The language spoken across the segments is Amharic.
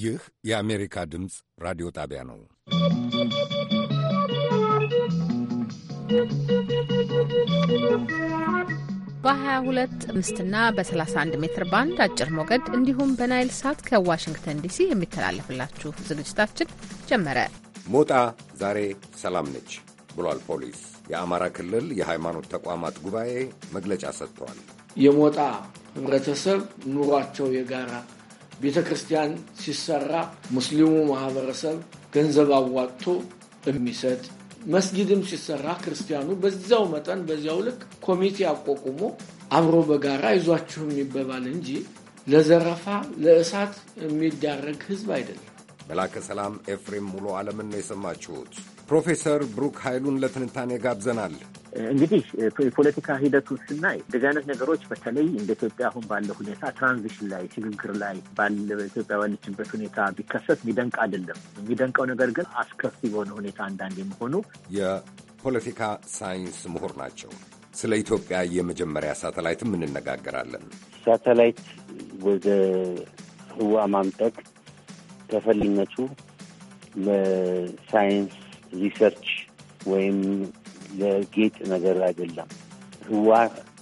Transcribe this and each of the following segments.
ይህ የአሜሪካ ድምፅ ራዲዮ ጣቢያ ነው። በ22 ምስትና በ31 ሜትር ባንድ አጭር ሞገድ እንዲሁም በናይል ሳት ከዋሽንግተን ዲሲ የሚተላለፍላችሁ ዝግጅታችን ጀመረ። ሞጣ ዛሬ ሰላም ነች ብሏል ፖሊስ። የአማራ ክልል የሃይማኖት ተቋማት ጉባኤ መግለጫ ሰጥተዋል። የሞጣ ህብረተሰብ ኑሯቸው የጋራ ቤተ ክርስቲያን ሲሰራ ሙስሊሙ ማህበረሰብ ገንዘብ አዋጥቶ የሚሰጥ መስጊድም ሲሰራ ክርስቲያኑ በዚያው መጠን በዚያው ልክ ኮሚቴ አቋቁሞ አብሮ በጋራ ይዟችሁ ይበባል እንጂ ለዘረፋ ለእሳት የሚዳረግ ህዝብ አይደለም። መላከ ሰላም ኤፍሬም ሙሉ ዓለምን ነው የሰማችሁት። ፕሮፌሰር ብሩክ ኃይሉን ለትንታኔ ጋብዘናል። እንግዲህ የፖለቲካ ሂደቱ ስናይ እንደዚህ አይነት ነገሮች በተለይ እንደ ኢትዮጵያ አሁን ባለው ሁኔታ ትራንዚሽን ላይ ሽግግር ላይ ኢትዮጵያ ባለችበት ሁኔታ ቢከሰት የሚደንቅ አይደለም። የሚደንቀው ነገር ግን አስከፊ በሆነ ሁኔታ አንዳንድ የመሆኑ የፖለቲካ ሳይንስ ምሁር ናቸው። ስለ ኢትዮጵያ የመጀመሪያ ሳተላይትም እንነጋገራለን። ሳተላይት ወደ ህዋ ማምጠቅ ተፈላጊነቱ ለሳይንስ ሪሰርች ወይም ለጌጥ ነገር አይደለም። ህዋ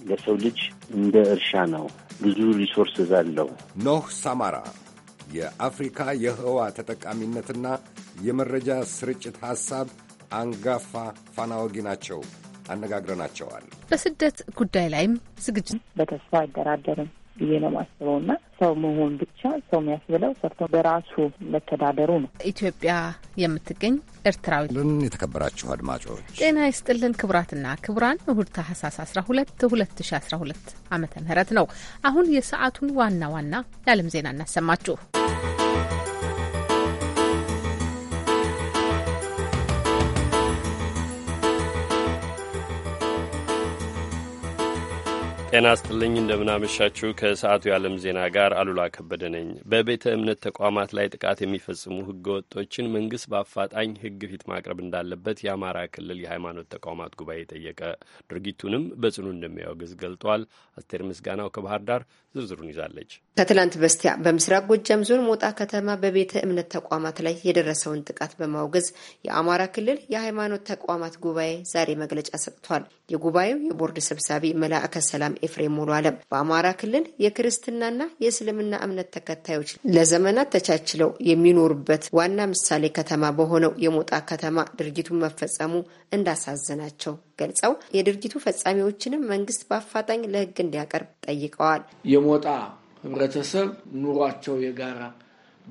ለሰው ልጅ እንደ እርሻ ነው። ብዙ ሪሶርስዝ አለው። ኖህ ሳማራ የአፍሪካ የህዋ ተጠቃሚነትና የመረጃ ስርጭት ሐሳብ አንጋፋ ፋናወጊ ናቸው። አነጋግረናቸዋል። በስደት ጉዳይ ላይም ዝግጅት በተስፋ አይደራደርም ብዬ ነው ማስበው ና ሰው መሆን ብቻ ሰው የሚያስብለው ሰርቶ በራሱ መተዳደሩ ነው። ኢትዮጵያ የምትገኝ ኤርትራዊ ልን የተከበራችሁ አድማጮች ጤና ይስጥልን። ክቡራትና ክቡራን እሁድ ታህሳስ 12 2012 ዓመተ ምህረት ነው። አሁን የሰዓቱን ዋና ዋና የዓለም ዜና እናሰማችሁ። ጤና ስጥልኝ እንደምናመሻችሁ። ከሰዓቱ የዓለም ዜና ጋር አሉላ ከበደ ነኝ። በቤተ እምነት ተቋማት ላይ ጥቃት የሚፈጽሙ ህገ ወጦችን መንግስት በአፋጣኝ ህግ ፊት ማቅረብ እንዳለበት የአማራ ክልል የሃይማኖት ተቋማት ጉባኤ ጠየቀ። ድርጊቱንም በጽኑ እንደሚያወግዝ ገልጧል። አስቴር ምስጋናው ከባህር ዳር ዝርዝሩን ይዛለች። ከትላንት በስቲያ በምስራቅ ጎጃም ዞን ሞጣ ከተማ በቤተ እምነት ተቋማት ላይ የደረሰውን ጥቃት በማውገዝ የአማራ ክልል የሃይማኖት ተቋማት ጉባኤ ዛሬ መግለጫ ሰጥቷል። የጉባኤው የቦርድ ሰብሳቢ መላእከ ሰላም ኤፍሬም ሙሉ አለም በአማራ ክልል የክርስትናና የእስልምና እምነት ተከታዮች ለዘመናት ተቻችለው የሚኖሩበት ዋና ምሳሌ ከተማ በሆነው የሞጣ ከተማ ድርጊቱን መፈጸሙ እንዳሳዘናቸው ገልጸው የድርጊቱ ፈጻሚዎችንም መንግስት በአፋጣኝ ለህግ እንዲያቀርብ ጠይቀዋል። የሞጣ ህብረተሰብ ኑሯቸው የጋራ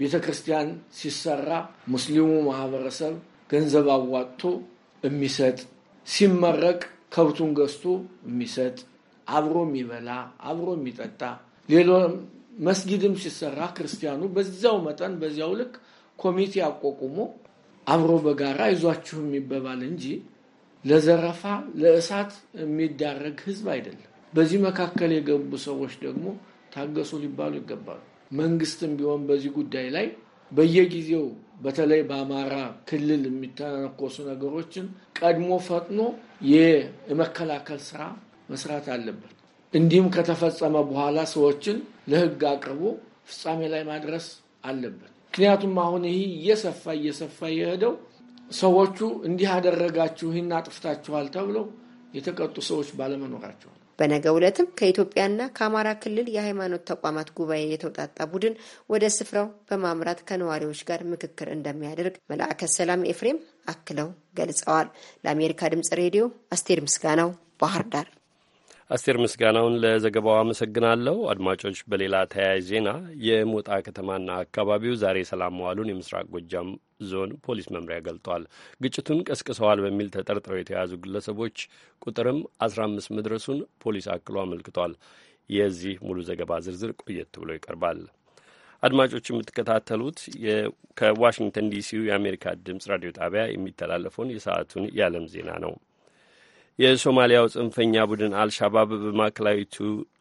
ቤተ ክርስቲያን ሲሰራ ሙስሊሙ ማህበረሰብ ገንዘብ አዋጥቶ የሚሰጥ ሲመረቅ ከብቱን ገዝቶ የሚሰጥ አብሮ የሚበላ አብሮ የሚጠጣ ሌሎ መስጊድም ሲሰራ ክርስቲያኑ በዚያው መጠን በዚያው ልክ ኮሚቴ አቋቁሞ አብሮ በጋራ ይዟችሁ የሚበባል እንጂ ለዘረፋ፣ ለእሳት የሚዳረግ ህዝብ አይደለም። በዚህ መካከል የገቡ ሰዎች ደግሞ ታገሱ ሊባሉ ይገባሉ። መንግስትም ቢሆን በዚህ ጉዳይ ላይ በየጊዜው በተለይ በአማራ ክልል የሚተነኮሱ ነገሮችን ቀድሞ ፈጥኖ የመከላከል ስራ መስራት አለበት። እንዲሁም ከተፈጸመ በኋላ ሰዎችን ለህግ አቅርቦ ፍጻሜ ላይ ማድረስ አለበት። ምክንያቱም አሁን ይህ እየሰፋ እየሰፋ የሄደው ሰዎቹ እንዲህ አደረጋችሁ ይህን አጥፍታችኋል ተብለው የተቀጡ ሰዎች ባለመኖራቸው ነው። በነገ ዕለትም ከኢትዮጵያና ከአማራ ክልል የሃይማኖት ተቋማት ጉባኤ የተውጣጣ ቡድን ወደ ስፍራው በማምራት ከነዋሪዎች ጋር ምክክር እንደሚያደርግ መልአከ ሰላም ኤፍሬም አክለው ገልጸዋል። ለአሜሪካ ድምጽ ሬዲዮ አስቴር ምስጋናው ባህር ዳር አስቴር ምስጋናውን ለዘገባው አመሰግናለሁ። አድማጮች፣ በሌላ ተያያዥ ዜና የሞጣ ከተማና አካባቢው ዛሬ ሰላም መዋሉን የምስራቅ ጎጃም ዞን ፖሊስ መምሪያ ገልጧል። ግጭቱን ቀስቅሰዋል በሚል ተጠርጥረው የተያዙ ግለሰቦች ቁጥርም አስራ አምስት መድረሱን ፖሊስ አክሎ አመልክቷል። የዚህ ሙሉ ዘገባ ዝርዝር ቆየት ብሎ ይቀርባል። አድማጮች የምትከታተሉት ከዋሽንግተን ዲሲው የአሜሪካ ድምጽ ራዲዮ ጣቢያ የሚተላለፈውን የሰዓቱን የዓለም ዜና ነው። የሶማሊያው ጽንፈኛ ቡድን አልሻባብ በማዕከላዊቱ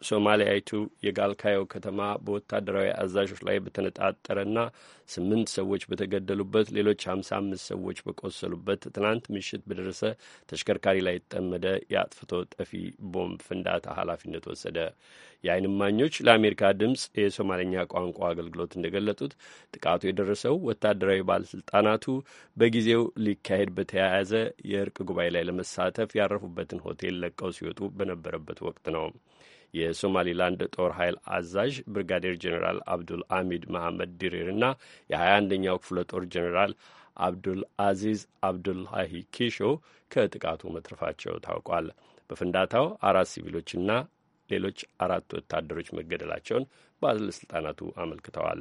ሶማሊያዊቱ የጋልካዮ ከተማ በወታደራዊ አዛዦች ላይ በተነጣጠረና ስምንት ሰዎች በተገደሉበት ሌሎች ሀምሳ አምስት ሰዎች በቆሰሉበት ትናንት ምሽት በደረሰ ተሽከርካሪ ላይ የተጠመደ የአጥፍቶ ጠፊ ቦምብ ፍንዳታ ኃላፊነት ወሰደ። የዓይን እማኞች ለአሜሪካ ድምፅ የሶማልኛ ቋንቋ አገልግሎት እንደገለጡት ጥቃቱ የደረሰው ወታደራዊ ባለስልጣናቱ በጊዜው ሊካሄድ በተያያዘ የእርቅ ጉባኤ ላይ ለመሳተፍ ያረፉበትን ሆቴል ለቀው ሲወጡ በነበረበት ወቅት ነው። የሶማሊላንድ ጦር ኃይል አዛዥ ብርጋዴር ጀኔራል አብዱል አሚድ መሐመድ እና የ21ኛው ክፍለ ጦር ጀኔራል አብዱል አዚዝ አብዱልሃሂ ኪሾ ከጥቃቱ መትረፋቸው ታውቋል። በፍንዳታው አራት ሲቪሎችና ሌሎች አራት ወታደሮች መገደላቸውን ባለስልጣናቱ አመልክተዋል።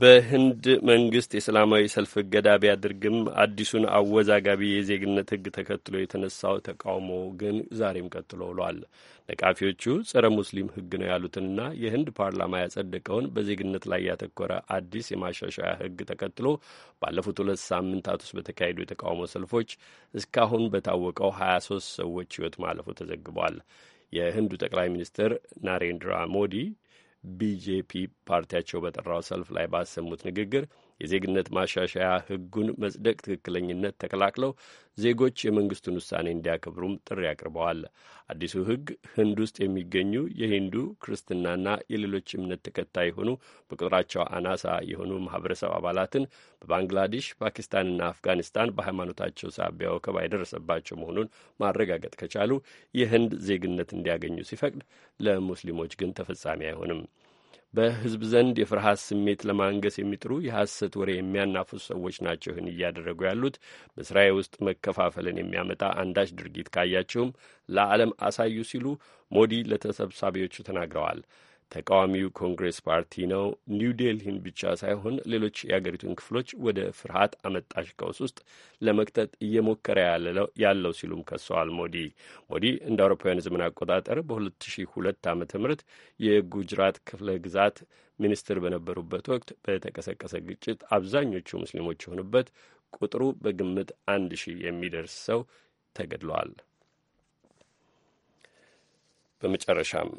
በህንድ መንግስት የሰላማዊ ሰልፍ እገዳ ቢያደርግም አዲሱን አወዛጋቢ የዜግነት ህግ ተከትሎ የተነሳው ተቃውሞ ግን ዛሬም ቀጥሎ ውሏል። ነቃፊዎቹ ጸረ ሙስሊም ህግ ነው ያሉትንና የህንድ ፓርላማ ያጸደቀውን በዜግነት ላይ ያተኮረ አዲስ የማሻሻያ ህግ ተከትሎ ባለፉት ሁለት ሳምንታት ውስጥ በተካሄዱ የተቃውሞ ሰልፎች እስካሁን በታወቀው ሀያ ሶስት ሰዎች ህይወት ማለፉ ተዘግቧል። የህንዱ ጠቅላይ ሚኒስትር ናሬንድራ ሞዲ ቢጄፒ ፓርቲያቸው በጠራው ሰልፍ ላይ ባሰሙት ንግግር የዜግነት ማሻሻያ ሕጉን መጽደቅ ትክክለኝነት ተከላክለው ዜጎች የመንግስቱን ውሳኔ እንዲያከብሩም ጥሪ አቅርበዋል። አዲሱ ሕግ ህንድ ውስጥ የሚገኙ የሂንዱ ክርስትናና የሌሎች እምነት ተከታይ የሆኑ በቁጥራቸው አናሳ የሆኑ ማህበረሰብ አባላትን በባንግላዴሽ፣ ፓኪስታንና አፍጋኒስታን በሃይማኖታቸው ሳቢያ ወከባ የደረሰባቸው መሆኑን ማረጋገጥ ከቻሉ የህንድ ዜግነት እንዲያገኙ ሲፈቅድ፣ ለሙስሊሞች ግን ተፈጻሚ አይሆንም። በህዝብ ዘንድ የፍርሃት ስሜት ለማንገስ የሚጥሩ የሐሰት ወሬ የሚያናፍሱ ሰዎች ናቸው ይህን እያደረጉ ያሉት። በስራዬ ውስጥ መከፋፈልን የሚያመጣ አንዳች ድርጊት ካያቸውም ለዓለም አሳዩ ሲሉ ሞዲ ለተሰብሳቢዎቹ ተናግረዋል። ተቃዋሚው ኮንግሬስ ፓርቲ ነው ኒው ዴልሂን ብቻ ሳይሆን ሌሎች የአገሪቱን ክፍሎች ወደ ፍርሃት አመጣሽ ቀውስ ውስጥ ለመክተት እየሞከረ ያለው ሲሉም ከሰዋል። ሞዲ ሞዲ እንደ አውሮፓውያን ዘመን አቆጣጠር በ2002 ዓ ም የጉጅራት ክፍለ ግዛት ሚኒስትር በነበሩበት ወቅት በተቀሰቀሰ ግጭት አብዛኞቹ ሙስሊሞች የሆኑበት ቁጥሩ በግምት አንድ ሺህ የሚደርስ ሰው ተገድለዋል። በመጨረሻም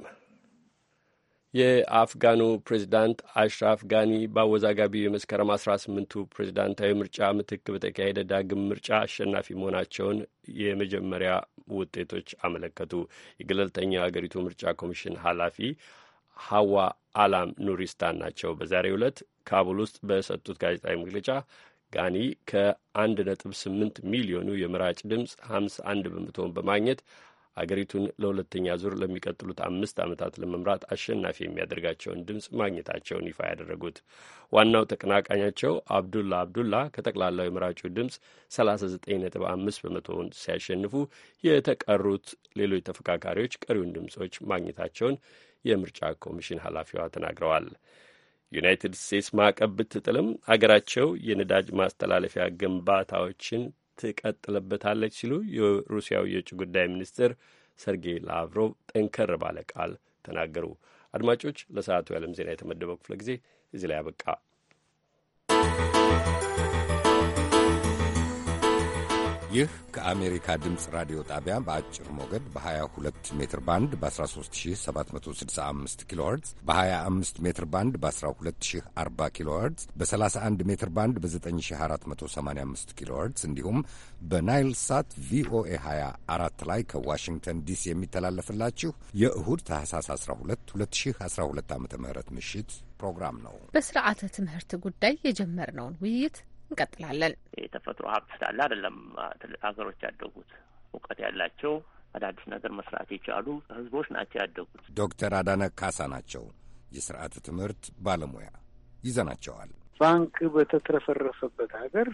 የአፍጋኑ ፕሬዚዳንት አሽራፍ ጋኒ በአወዛጋቢው የመስከረም አስራ ስምንቱ ፕሬዚዳንታዊ ምርጫ ምትክ በተካሄደ ዳግም ምርጫ አሸናፊ መሆናቸውን የመጀመሪያ ውጤቶች አመለከቱ። የገለልተኛ አገሪቱ ምርጫ ኮሚሽን ኃላፊ ሀዋ አላም ኑሪስታን ናቸው። በዛሬው ዕለት ካቡል ውስጥ በሰጡት ጋዜጣዊ መግለጫ ጋኒ ከ1.8 ሚሊዮኑ የምራጭ ድምፅ 51 በመቶውን በማግኘት አገሪቱን ለሁለተኛ ዙር ለሚቀጥሉት አምስት ዓመታት ለመምራት አሸናፊ የሚያደርጋቸውን ድምፅ ማግኘታቸውን ይፋ ያደረጉት ዋናው ተቀናቃኛቸው አብዱላ አብዱላ ከጠቅላላው የመራጩ ድምፅ 39.5 በመቶውን ሲያሸንፉ የተቀሩት ሌሎች ተፎካካሪዎች ቀሪውን ድምፆች ማግኘታቸውን የምርጫ ኮሚሽን ኃላፊዋ ተናግረዋል። ዩናይትድ ስቴትስ ማዕቀብ ብትጥልም አገራቸው የነዳጅ ማስተላለፊያ ግንባታዎችን ትቀጥልበታለች ሲሉ የሩሲያው የውጭ ጉዳይ ሚኒስትር ሰርጌይ ላቭሮቭ ጠንከር ባለ ቃል ተናገሩ። አድማጮች፣ ለሰዓቱ የዓለም ዜና የተመደበው ክፍለ ጊዜ እዚህ ላይ አበቃ። ይህ ከአሜሪካ ድምፅ ራዲዮ ጣቢያ በአጭር ሞገድ በ22 ሜትር ባንድ በ13765 ኪሎ ኸርትዝ በ25 ሜትር ባንድ በ1240 ኪሎ ኸርትዝ በ31 ሜትር ባንድ በ9485 ኪሎ ኸርትዝ እንዲሁም በናይል ሳት ቪኦኤ 24 ላይ ከዋሽንግተን ዲሲ የሚተላለፍላችሁ የእሁድ ታህሳስ 12 2012 ዓ ም ምሽት ፕሮግራም ነው። በስርዓተ ትምህርት ጉዳይ የጀመርነውን ውይይት እንቀጥላለን። የተፈጥሮ ሀብት ስላለ አይደለም ሀገሮች ያደጉት እውቀት ያላቸው አዳዲስ ነገር መስራት የቻሉ ህዝቦች ናቸው ያደጉት። ዶክተር አዳነ ካሳ ናቸው የስርዓቱ ትምህርት ባለሙያ ይዘናቸዋል። ባንክ በተትረፈረፈበት ሀገር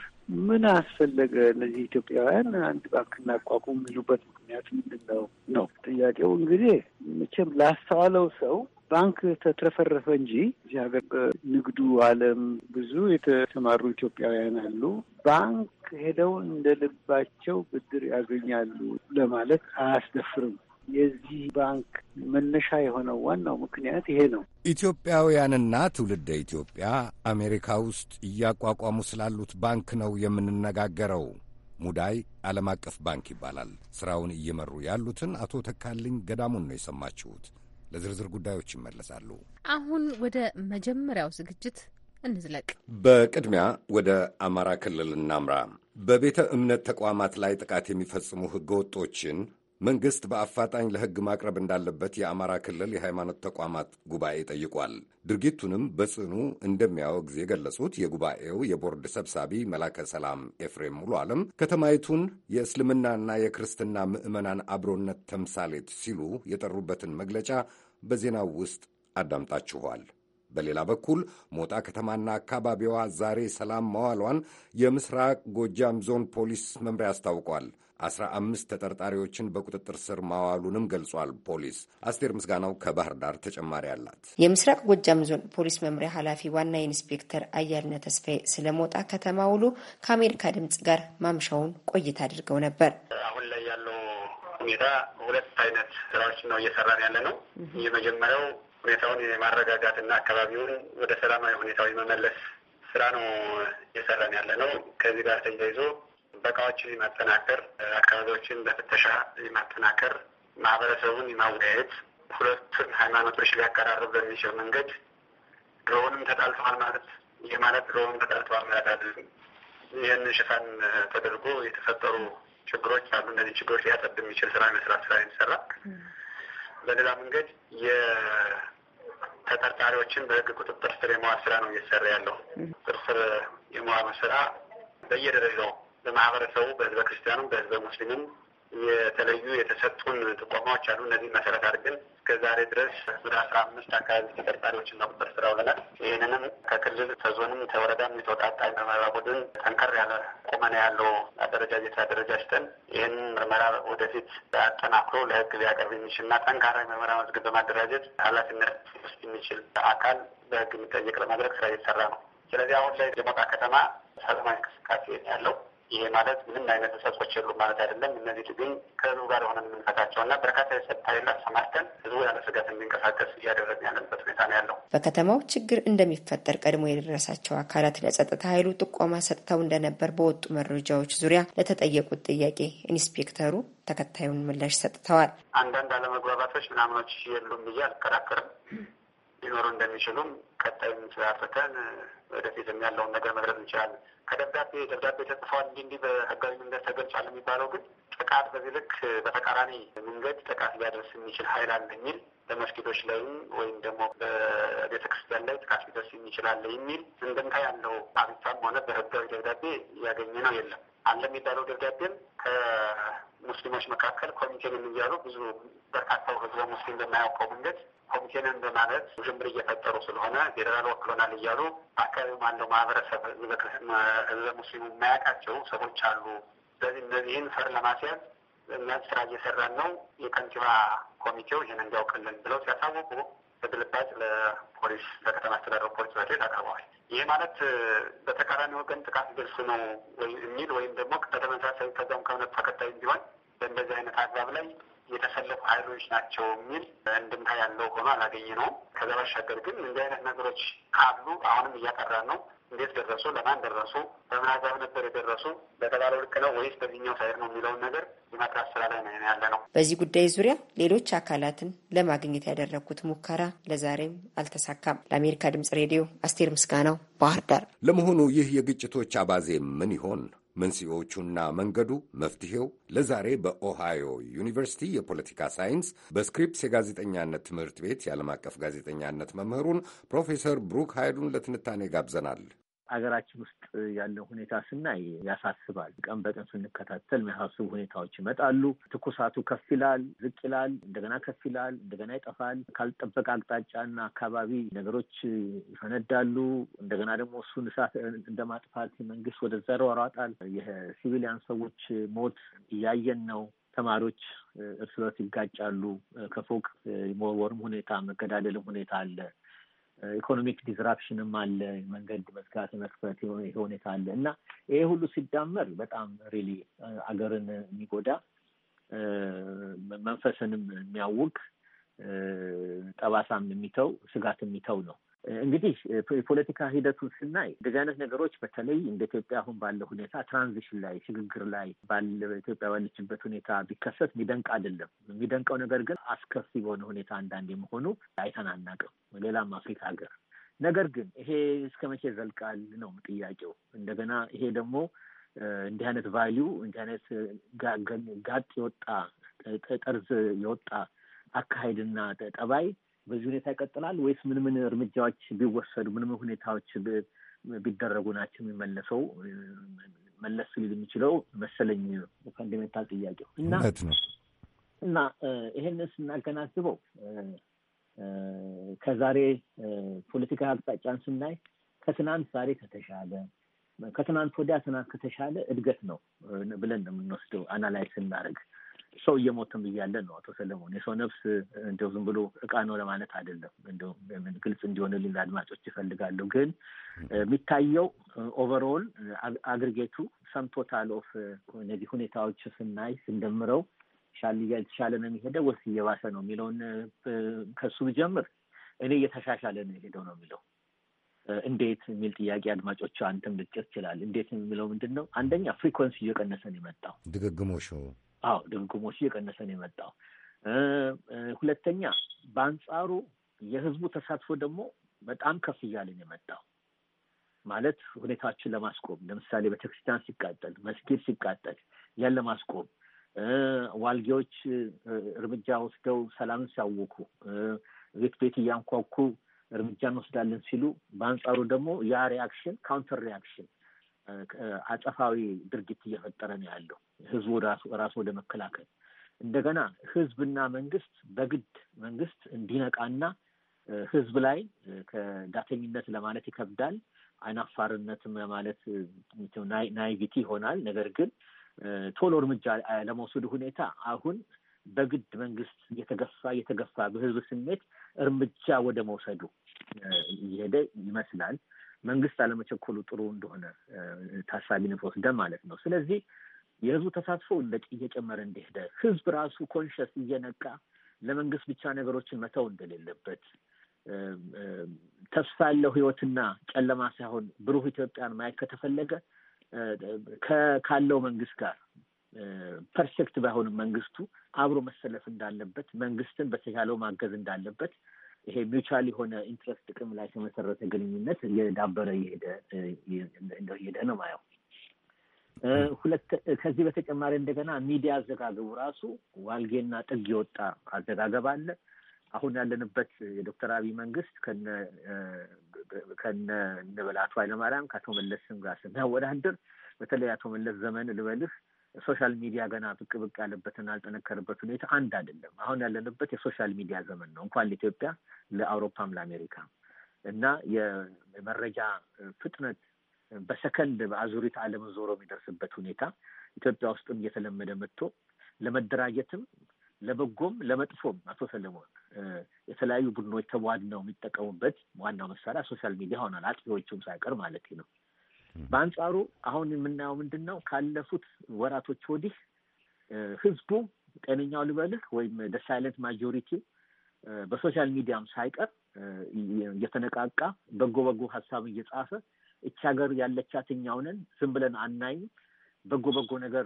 ምን አስፈለገ? እነዚህ ኢትዮጵያውያን አንድ ባንክ እናቋቁም የሚሉበት ምክንያት ምንድን ነው ነው ጥያቄው። እንግዲህ መቼም ላስተዋለው ሰው ባንክ ተትረፈረፈ እንጂ እዚህ ሀገር በንግዱ ዓለም ብዙ የተሰማሩ ኢትዮጵያውያን አሉ። ባንክ ሄደው እንደ ልባቸው ብድር ያገኛሉ ለማለት አያስደፍርም። የዚህ ባንክ መነሻ የሆነው ዋናው ምክንያት ይሄ ነው። ኢትዮጵያውያንና ትውልደ ኢትዮጵያ አሜሪካ ውስጥ እያቋቋሙ ስላሉት ባንክ ነው የምንነጋገረው። ሙዳይ ዓለም አቀፍ ባንክ ይባላል። ስራውን እየመሩ ያሉትን አቶ ተካልኝ ገዳሙን ነው የሰማችሁት። ለዝርዝር ጉዳዮች ይመለሳሉ። አሁን ወደ መጀመሪያው ዝግጅት እንዝለቅ። በቅድሚያ ወደ አማራ ክልል እናምራ። በቤተ እምነት ተቋማት ላይ ጥቃት የሚፈጽሙ ህገወጦችን መንግሥት በአፋጣኝ ለሕግ ማቅረብ እንዳለበት የአማራ ክልል የሃይማኖት ተቋማት ጉባኤ ጠይቋል። ድርጊቱንም በጽኑ እንደሚያወግዝ የገለጹት የጉባኤው የቦርድ ሰብሳቢ መላከ ሰላም ኤፍሬም ሙሉ ዓለም ከተማይቱን የእስልምናና የክርስትና ምዕመናን አብሮነት ተምሳሌት ሲሉ የጠሩበትን መግለጫ በዜናው ውስጥ አዳምጣችኋል። በሌላ በኩል ሞጣ ከተማና አካባቢዋ ዛሬ ሰላም መዋሏን የምስራቅ ጎጃም ዞን ፖሊስ መምሪያ አስታውቋል። አስራ አምስት ተጠርጣሪዎችን በቁጥጥር ስር ማዋሉንም ገልጿል ፖሊስ። አስቴር ምስጋናው ከባህር ዳር ተጨማሪ አላት። የምስራቅ ጎጃም ዞን ፖሊስ መምሪያ ኃላፊ ዋና ኢንስፔክተር አያልነ ተስፋዬ ስለ ሞጣ ከተማ ውሎ ከአሜሪካ ድምጽ ጋር ማምሻውን ቆይታ አድርገው ነበር። አሁን ላይ ያለው ሁኔታ ሁለት አይነት ስራዎችን ነው እየሰራን ያለ ነው። የመጀመሪያው ሁኔታውን የማረጋጋትና አካባቢውን ወደ ሰላማዊ ሁኔታው የመመለስ ስራ ነው እየሰራን ያለ ነው። ከዚህ ጋር ተያይዞ ጥበቃዎችን የማጠናከር አካባቢዎችን በፍተሻ የማጠናከር ማህበረሰቡን የማወያየት ሁለቱን ሃይማኖቶች ሊያቀራርብ በሚችል መንገድ ድሮውንም ተጣልተዋል ማለት ይህ ማለት ድሮውን ተጣልተዋል ማለት አይደለም። ይህንን ሽፋን ተደርጎ የተፈጠሩ ችግሮች አሉ። እነዚህ ችግሮች ሊያጠብ የሚችል ስራ መስራት ስራ የሚሰራ በሌላ መንገድ የተጠርጣሪዎችን በህግ ቁጥጥር ስር የመዋል ስራ ነው እየተሰራ ያለው። ቁጥጥር ስር የመዋል ስራ በየደረጃው በማህበረሰቡ በህዝበ ክርስቲያኑም በህዝበ ሙስሊምም የተለዩ የተሰጡን ጥቆማዎች አሉ። እነዚህ መሰረት አድርገን እስከ ዛሬ ድረስ ወደ አስራ አምስት አካባቢ ተጠርጣሪዎችን በቁጥር ስራ ውለናል ይህንንም ከክልል ተዞንም ተወረዳም የተወጣጣ ምርመራ ቡድን ጠንከር ያለ ቁመና ያለው አደረጃጀት አደረጃጅተን ይህን ምርመራ ወደፊት አጠናክሮ ለህግ ሊያቀርብ የሚችልና ጠንካራ ምርመራ መዝግብ በማደራጀት ኃላፊነት ውስጥ የሚችል አካል በህግ የሚጠየቅ ለማድረግ ስራ እየተሰራ ነው። ስለዚህ አሁን ላይ ደመቃ ከተማ ሰላማዊ እንቅስቃሴ ያለው ይሄ ማለት ምንም አይነት እሰቶች የሉም ማለት አይደለም። እነዚህ ግን ከህዝቡ ጋር የሆነ የምንፈታቸው እና በርካታ የጸጥታ ኃይል አሰማርተን ህዝቡ ያለ ስጋት እንዲንቀሳቀስ እያደረግን ያለበት ሁኔታ ነው ያለው። በከተማው ችግር እንደሚፈጠር ቀድሞ የደረሳቸው አካላት ለጸጥታ ኃይሉ ጥቆማ ሰጥተው እንደነበር በወጡ መረጃዎች ዙሪያ ለተጠየቁት ጥያቄ ኢንስፔክተሩ ተከታዩን ምላሽ ሰጥተዋል። አንዳንድ አለመግባባቶች ምናምኖች የሉም ብዬ አልከራከርም ሊኖሩ እንደሚችሉም ቀጣይም ስላርተን ወደፊትም ያለውን ነገር መድረስ እንችላለን። ከደብዳቤ ደብዳቤ ተጽፏል እንዲህ እንዲህ በህጋዊ መንገድ ተገልጿል የሚባለው ግን ጥቃት በዚህ ልክ በተቃራኒ መንገድ ጥቃት ሊያደርስ የሚችል ሀይል አለ የሚል በመስጊዶች ላይም ወይም ደግሞ በቤተ ክርስቲያን ላይ ጥቃት ሊደርስ የሚችላለ የሚል እንድምታ ያለው አቤቱታም ሆነ በህጋዊ ደብዳቤ እያገኘ ነው የለም። አለ የሚባለው ደብዳቤም ከሙስሊሞች መካከል ኮሚቴ ነው የሚያሉ ብዙ በርካታው ህዝበ ሙስሊም በማያውቀው መንገድ ኮሚቴንን በማለት ውዥንብር እየፈጠሩ ስለሆነ ፌዴራል ወክሎናል እያሉ አካባቢ ባለው ማህበረሰብ ህዝበ ሙስሊሙ የማያውቃቸው ሰዎች አሉ። ስለዚህ እነዚህን ፈር ለማስያዝ እኛን ስራ እየሰራን ነው፣ የከንቲባ ኮሚቴው ይህን እንዲያውቅልን ብለው ሲያሳውቁ በግልባጭ ለፖሊስ ለከተማ አስተዳደር ፖሊስ በፊት አቅርበዋል። ይህ ማለት በተቃራኒ ወገን ጥቃት ደርሱ ነው የሚል ወይም ደግሞ በተመሳሳይ ከዚያም ከእምነት ተከታይ ቢሆን በእንደዚህ አይነት አግባብ ላይ የተሰለፉ ኃይሎች ናቸው የሚል እንድምታ ያለው ሆኖ አላገኘ ነው። ከዛ ባሻገር ግን እንዲህ አይነት ነገሮች ካሉ አሁንም እያጠራን ነው። እንዴት ደረሱ? ለማን ደረሱ? በምን አግባብ ነበር የደረሱ? በተባለው ልክ ነው ወይስ በዚህኛው ሳይር ነው የሚለውን ነገር የማጥራት ስራ ላይ ነው ያለ ነው። በዚህ ጉዳይ ዙሪያ ሌሎች አካላትን ለማግኘት ያደረግኩት ሙከራ ለዛሬም አልተሳካም። ለአሜሪካ ድምጽ ሬዲዮ አስቴር ምስጋናው ባህር ዳር። ለመሆኑ ይህ የግጭቶች አባዜ ምን ይሆን? መንስኤዎቹና መንገዱ መፍትሄው ለዛሬ በኦሃዮ ዩኒቨርሲቲ የፖለቲካ ሳይንስ በስክሪፕስ የጋዜጠኛነት ትምህርት ቤት የዓለም አቀፍ ጋዜጠኛነት መምህሩን ፕሮፌሰር ብሩክ ኃይሉን ለትንታኔ ጋብዘናል። አገራችን ውስጥ ያለው ሁኔታ ስናይ ያሳስባል። ቀን በቀን ስንከታተል የሚያሳስቡ ሁኔታዎች ይመጣሉ። ትኩሳቱ ከፍ ይላል፣ ዝቅ ይላል፣ እንደገና ከፍ ይላል፣ እንደገና ይጠፋል። ካልጠበቀ አቅጣጫና አካባቢ ነገሮች ይፈነዳሉ። እንደገና ደግሞ እሱን እሳት እንደማጥፋት መንግስት ወደዛ ይሯሯጣል። የሲቪሊያን ሰዎች ሞት እያየን ነው። ተማሪዎች እርስ በርስ ይጋጫሉ። ከፎቅ የመወርወርም ሁኔታ መገዳደልም ሁኔታ አለ። ኢኮኖሚክ ዲስራፕሽንም አለ፣ መንገድ መዝጋት መክፈት ሁኔታ አለ እና ይሄ ሁሉ ሲዳመር በጣም ሪሊ አገርን የሚጎዳ መንፈስንም የሚያውቅ ጠባሳም የሚተው ስጋት የሚተው ነው እንግዲህ የፖለቲካ ሂደቱን ስናይ እንደዚህ አይነት ነገሮች በተለይ እንደ ኢትዮጵያ አሁን ባለው ሁኔታ ትራንዚሽን ላይ ሽግግር ላይ ባለ ኢትዮጵያ ባለችበት ሁኔታ ቢከሰት የሚደንቅ አይደለም። የሚደንቀው ነገር ግን አስከፊ በሆነ ሁኔታ አንዳንድ የመሆኑ አይተናናቅም። ሌላም አፍሪካ ሀገር ነገር ግን ይሄ እስከ መቼ ዘልቃል ነው ጥያቄው። እንደገና ይሄ ደግሞ እንዲህ አይነት ቫሊዩ እንዲህ አይነት ጋጥ የወጣ ጠርዝ የወጣ አካሄድና ጠባይ በዚህ ሁኔታ ይቀጥላል ወይስ ምን ምን እርምጃዎች ቢወሰዱ ምን ምን ሁኔታዎች ቢደረጉ ናቸው የሚመለሰው መለስ ሊል የሚችለው መሰለኝ ፈንዳሜንታል ጥያቄው እና እና ይህን ስናገናዝበው ከዛሬ ፖለቲካዊ አቅጣጫን ስናይ ከትናንት ዛሬ ከተሻለ ከትናንት ወዲያ ትናንት ከተሻለ እድገት ነው ብለን ነው የምንወስደው አናላይዝ ስናደርግ ሰው እየሞትም እያለ ነው። አቶ ሰለሞን የሰው ነፍስ እንደው ዝም ብሎ እቃ ነው ለማለት አይደለም። እንደው ግልጽ እንዲሆንልን ለአድማጮች ይፈልጋለሁ። ግን የሚታየው ኦቨርኦል አግሪጌቱ ቶታል ኦፍ እነዚህ ሁኔታዎች ስናይ ስንደምረው የተሻለ ነው የሚሄደው ወይስ እየባሰ ነው የሚለውን ከሱ ብጀምር እኔ እየተሻሻለ ነው የሄደው ነው የሚለው እንዴት የሚል ጥያቄ አድማጮቹ አንተም ልጭት ይችላል። እንዴት የሚለው ምንድን ነው? አንደኛ ፍሪኮንሲ እየቀነሰ ነው የመጣው ድግግሞሽ አዎ ድግግሞሹ እየቀነሰ ነው የመጣው። ሁለተኛ በአንጻሩ የህዝቡ ተሳትፎ ደግሞ በጣም ከፍ እያለ ነው የመጣው። ማለት ሁኔታዎችን ለማስቆም ለምሳሌ ቤተክርስቲያን ሲቃጠል፣ መስጊድ ሲቃጠል ያን ለማስቆም ዋልጌዎች እርምጃ ወስደው ሰላምን ሲያወኩ ቤት ቤት እያንኳኩ እርምጃ እንወስዳለን ሲሉ፣ በአንጻሩ ደግሞ ያ ሪያክሽን ካውንተር ሪያክሽን አጸፋዊ ድርጊት እየፈጠረ ነው ያለው። ህዝቡ ራሱ ወደ መከላከል እንደገና ህዝብና መንግስት በግድ መንግስት እንዲነቃና ህዝብ ላይ ከዳተኝነት ለማለት ይከብዳል፣ አይናፋርነትም ለማለት ናይቪቲ ይሆናል። ነገር ግን ቶሎ እርምጃ ለመውሰዱ ሁኔታ አሁን በግድ መንግስት እየተገፋ እየተገፋ በህዝብ ስሜት እርምጃ ወደ መውሰዱ እየሄደ ይመስላል። መንግስት አለመቸኮሉ ጥሩ እንደሆነ ታሳቢነት ወስደ ማለት ነው። ስለዚህ የህዝቡ ተሳትፎ እየጨመረ እንደሄደ ህዝብ ራሱ ኮንሽስ እየነቃ ለመንግስት ብቻ ነገሮችን መተው እንደሌለበት ተስፋ ያለው ህይወትና ጨለማ ሳይሆን ብሩህ ኢትዮጵያን ማየት ከተፈለገ ካለው መንግስት ጋር ፐርፌክት ባይሆንም መንግስቱ አብሮ መሰለፍ እንዳለበት፣ መንግስትን በተቻለው ማገዝ እንዳለበት ይሄ ሚውቹዋል የሆነ ኢንትረስት ጥቅም ላይ የተመሰረተ ግንኙነት እየዳበረ እየሄደ ነው ማየው። ከዚህ በተጨማሪ እንደገና ሚዲያ አዘጋገቡ ራሱ ዋልጌና ጥግ የወጣ አዘጋገብ አለ። አሁን ያለንበት የዶክተር አብይ መንግስት ከነ እነበላቱ ኃይለማርያም ከአቶ መለስም ጋር ስናወዳድር በተለይ አቶ መለስ ዘመን ልበልህ ሶሻል ሚዲያ ገና ብቅ ብቅ ያለበትና ያልጠነከርበት ሁኔታ አንድ አይደለም። አሁን ያለንበት የሶሻል ሚዲያ ዘመን ነው፣ እንኳን ለኢትዮጵያ ለአውሮፓም ለአሜሪካ እና የመረጃ ፍጥነት በሰከንድ በአዙሪት ዓለምን ዞሮ የሚደርስበት ሁኔታ ኢትዮጵያ ውስጥም እየተለመደ መጥቶ ለመደራጀትም ለበጎም ለመጥፎም አቶ ሰለሞን የተለያዩ ቡድኖች ተቧድነው የሚጠቀሙበት ዋናው መሳሪያ ሶሻል ሚዲያ ሆናል፣ አጥፊዎቹም ሳይቀር ማለት ነው። በአንጻሩ አሁን የምናየው ምንድን ነው? ካለፉት ወራቶች ወዲህ ህዝቡ ጤነኛው ልበልህ ወይም ደ ሳይለንት ማጆሪቲ በሶሻል ሚዲያም ሳይቀር እየተነቃቃ በጎ በጎ ሀሳብ እየጻፈ እች ሀገር ያለቻት እኛው ነን። ዝም ብለን አናይም። በጎ በጎ ነገር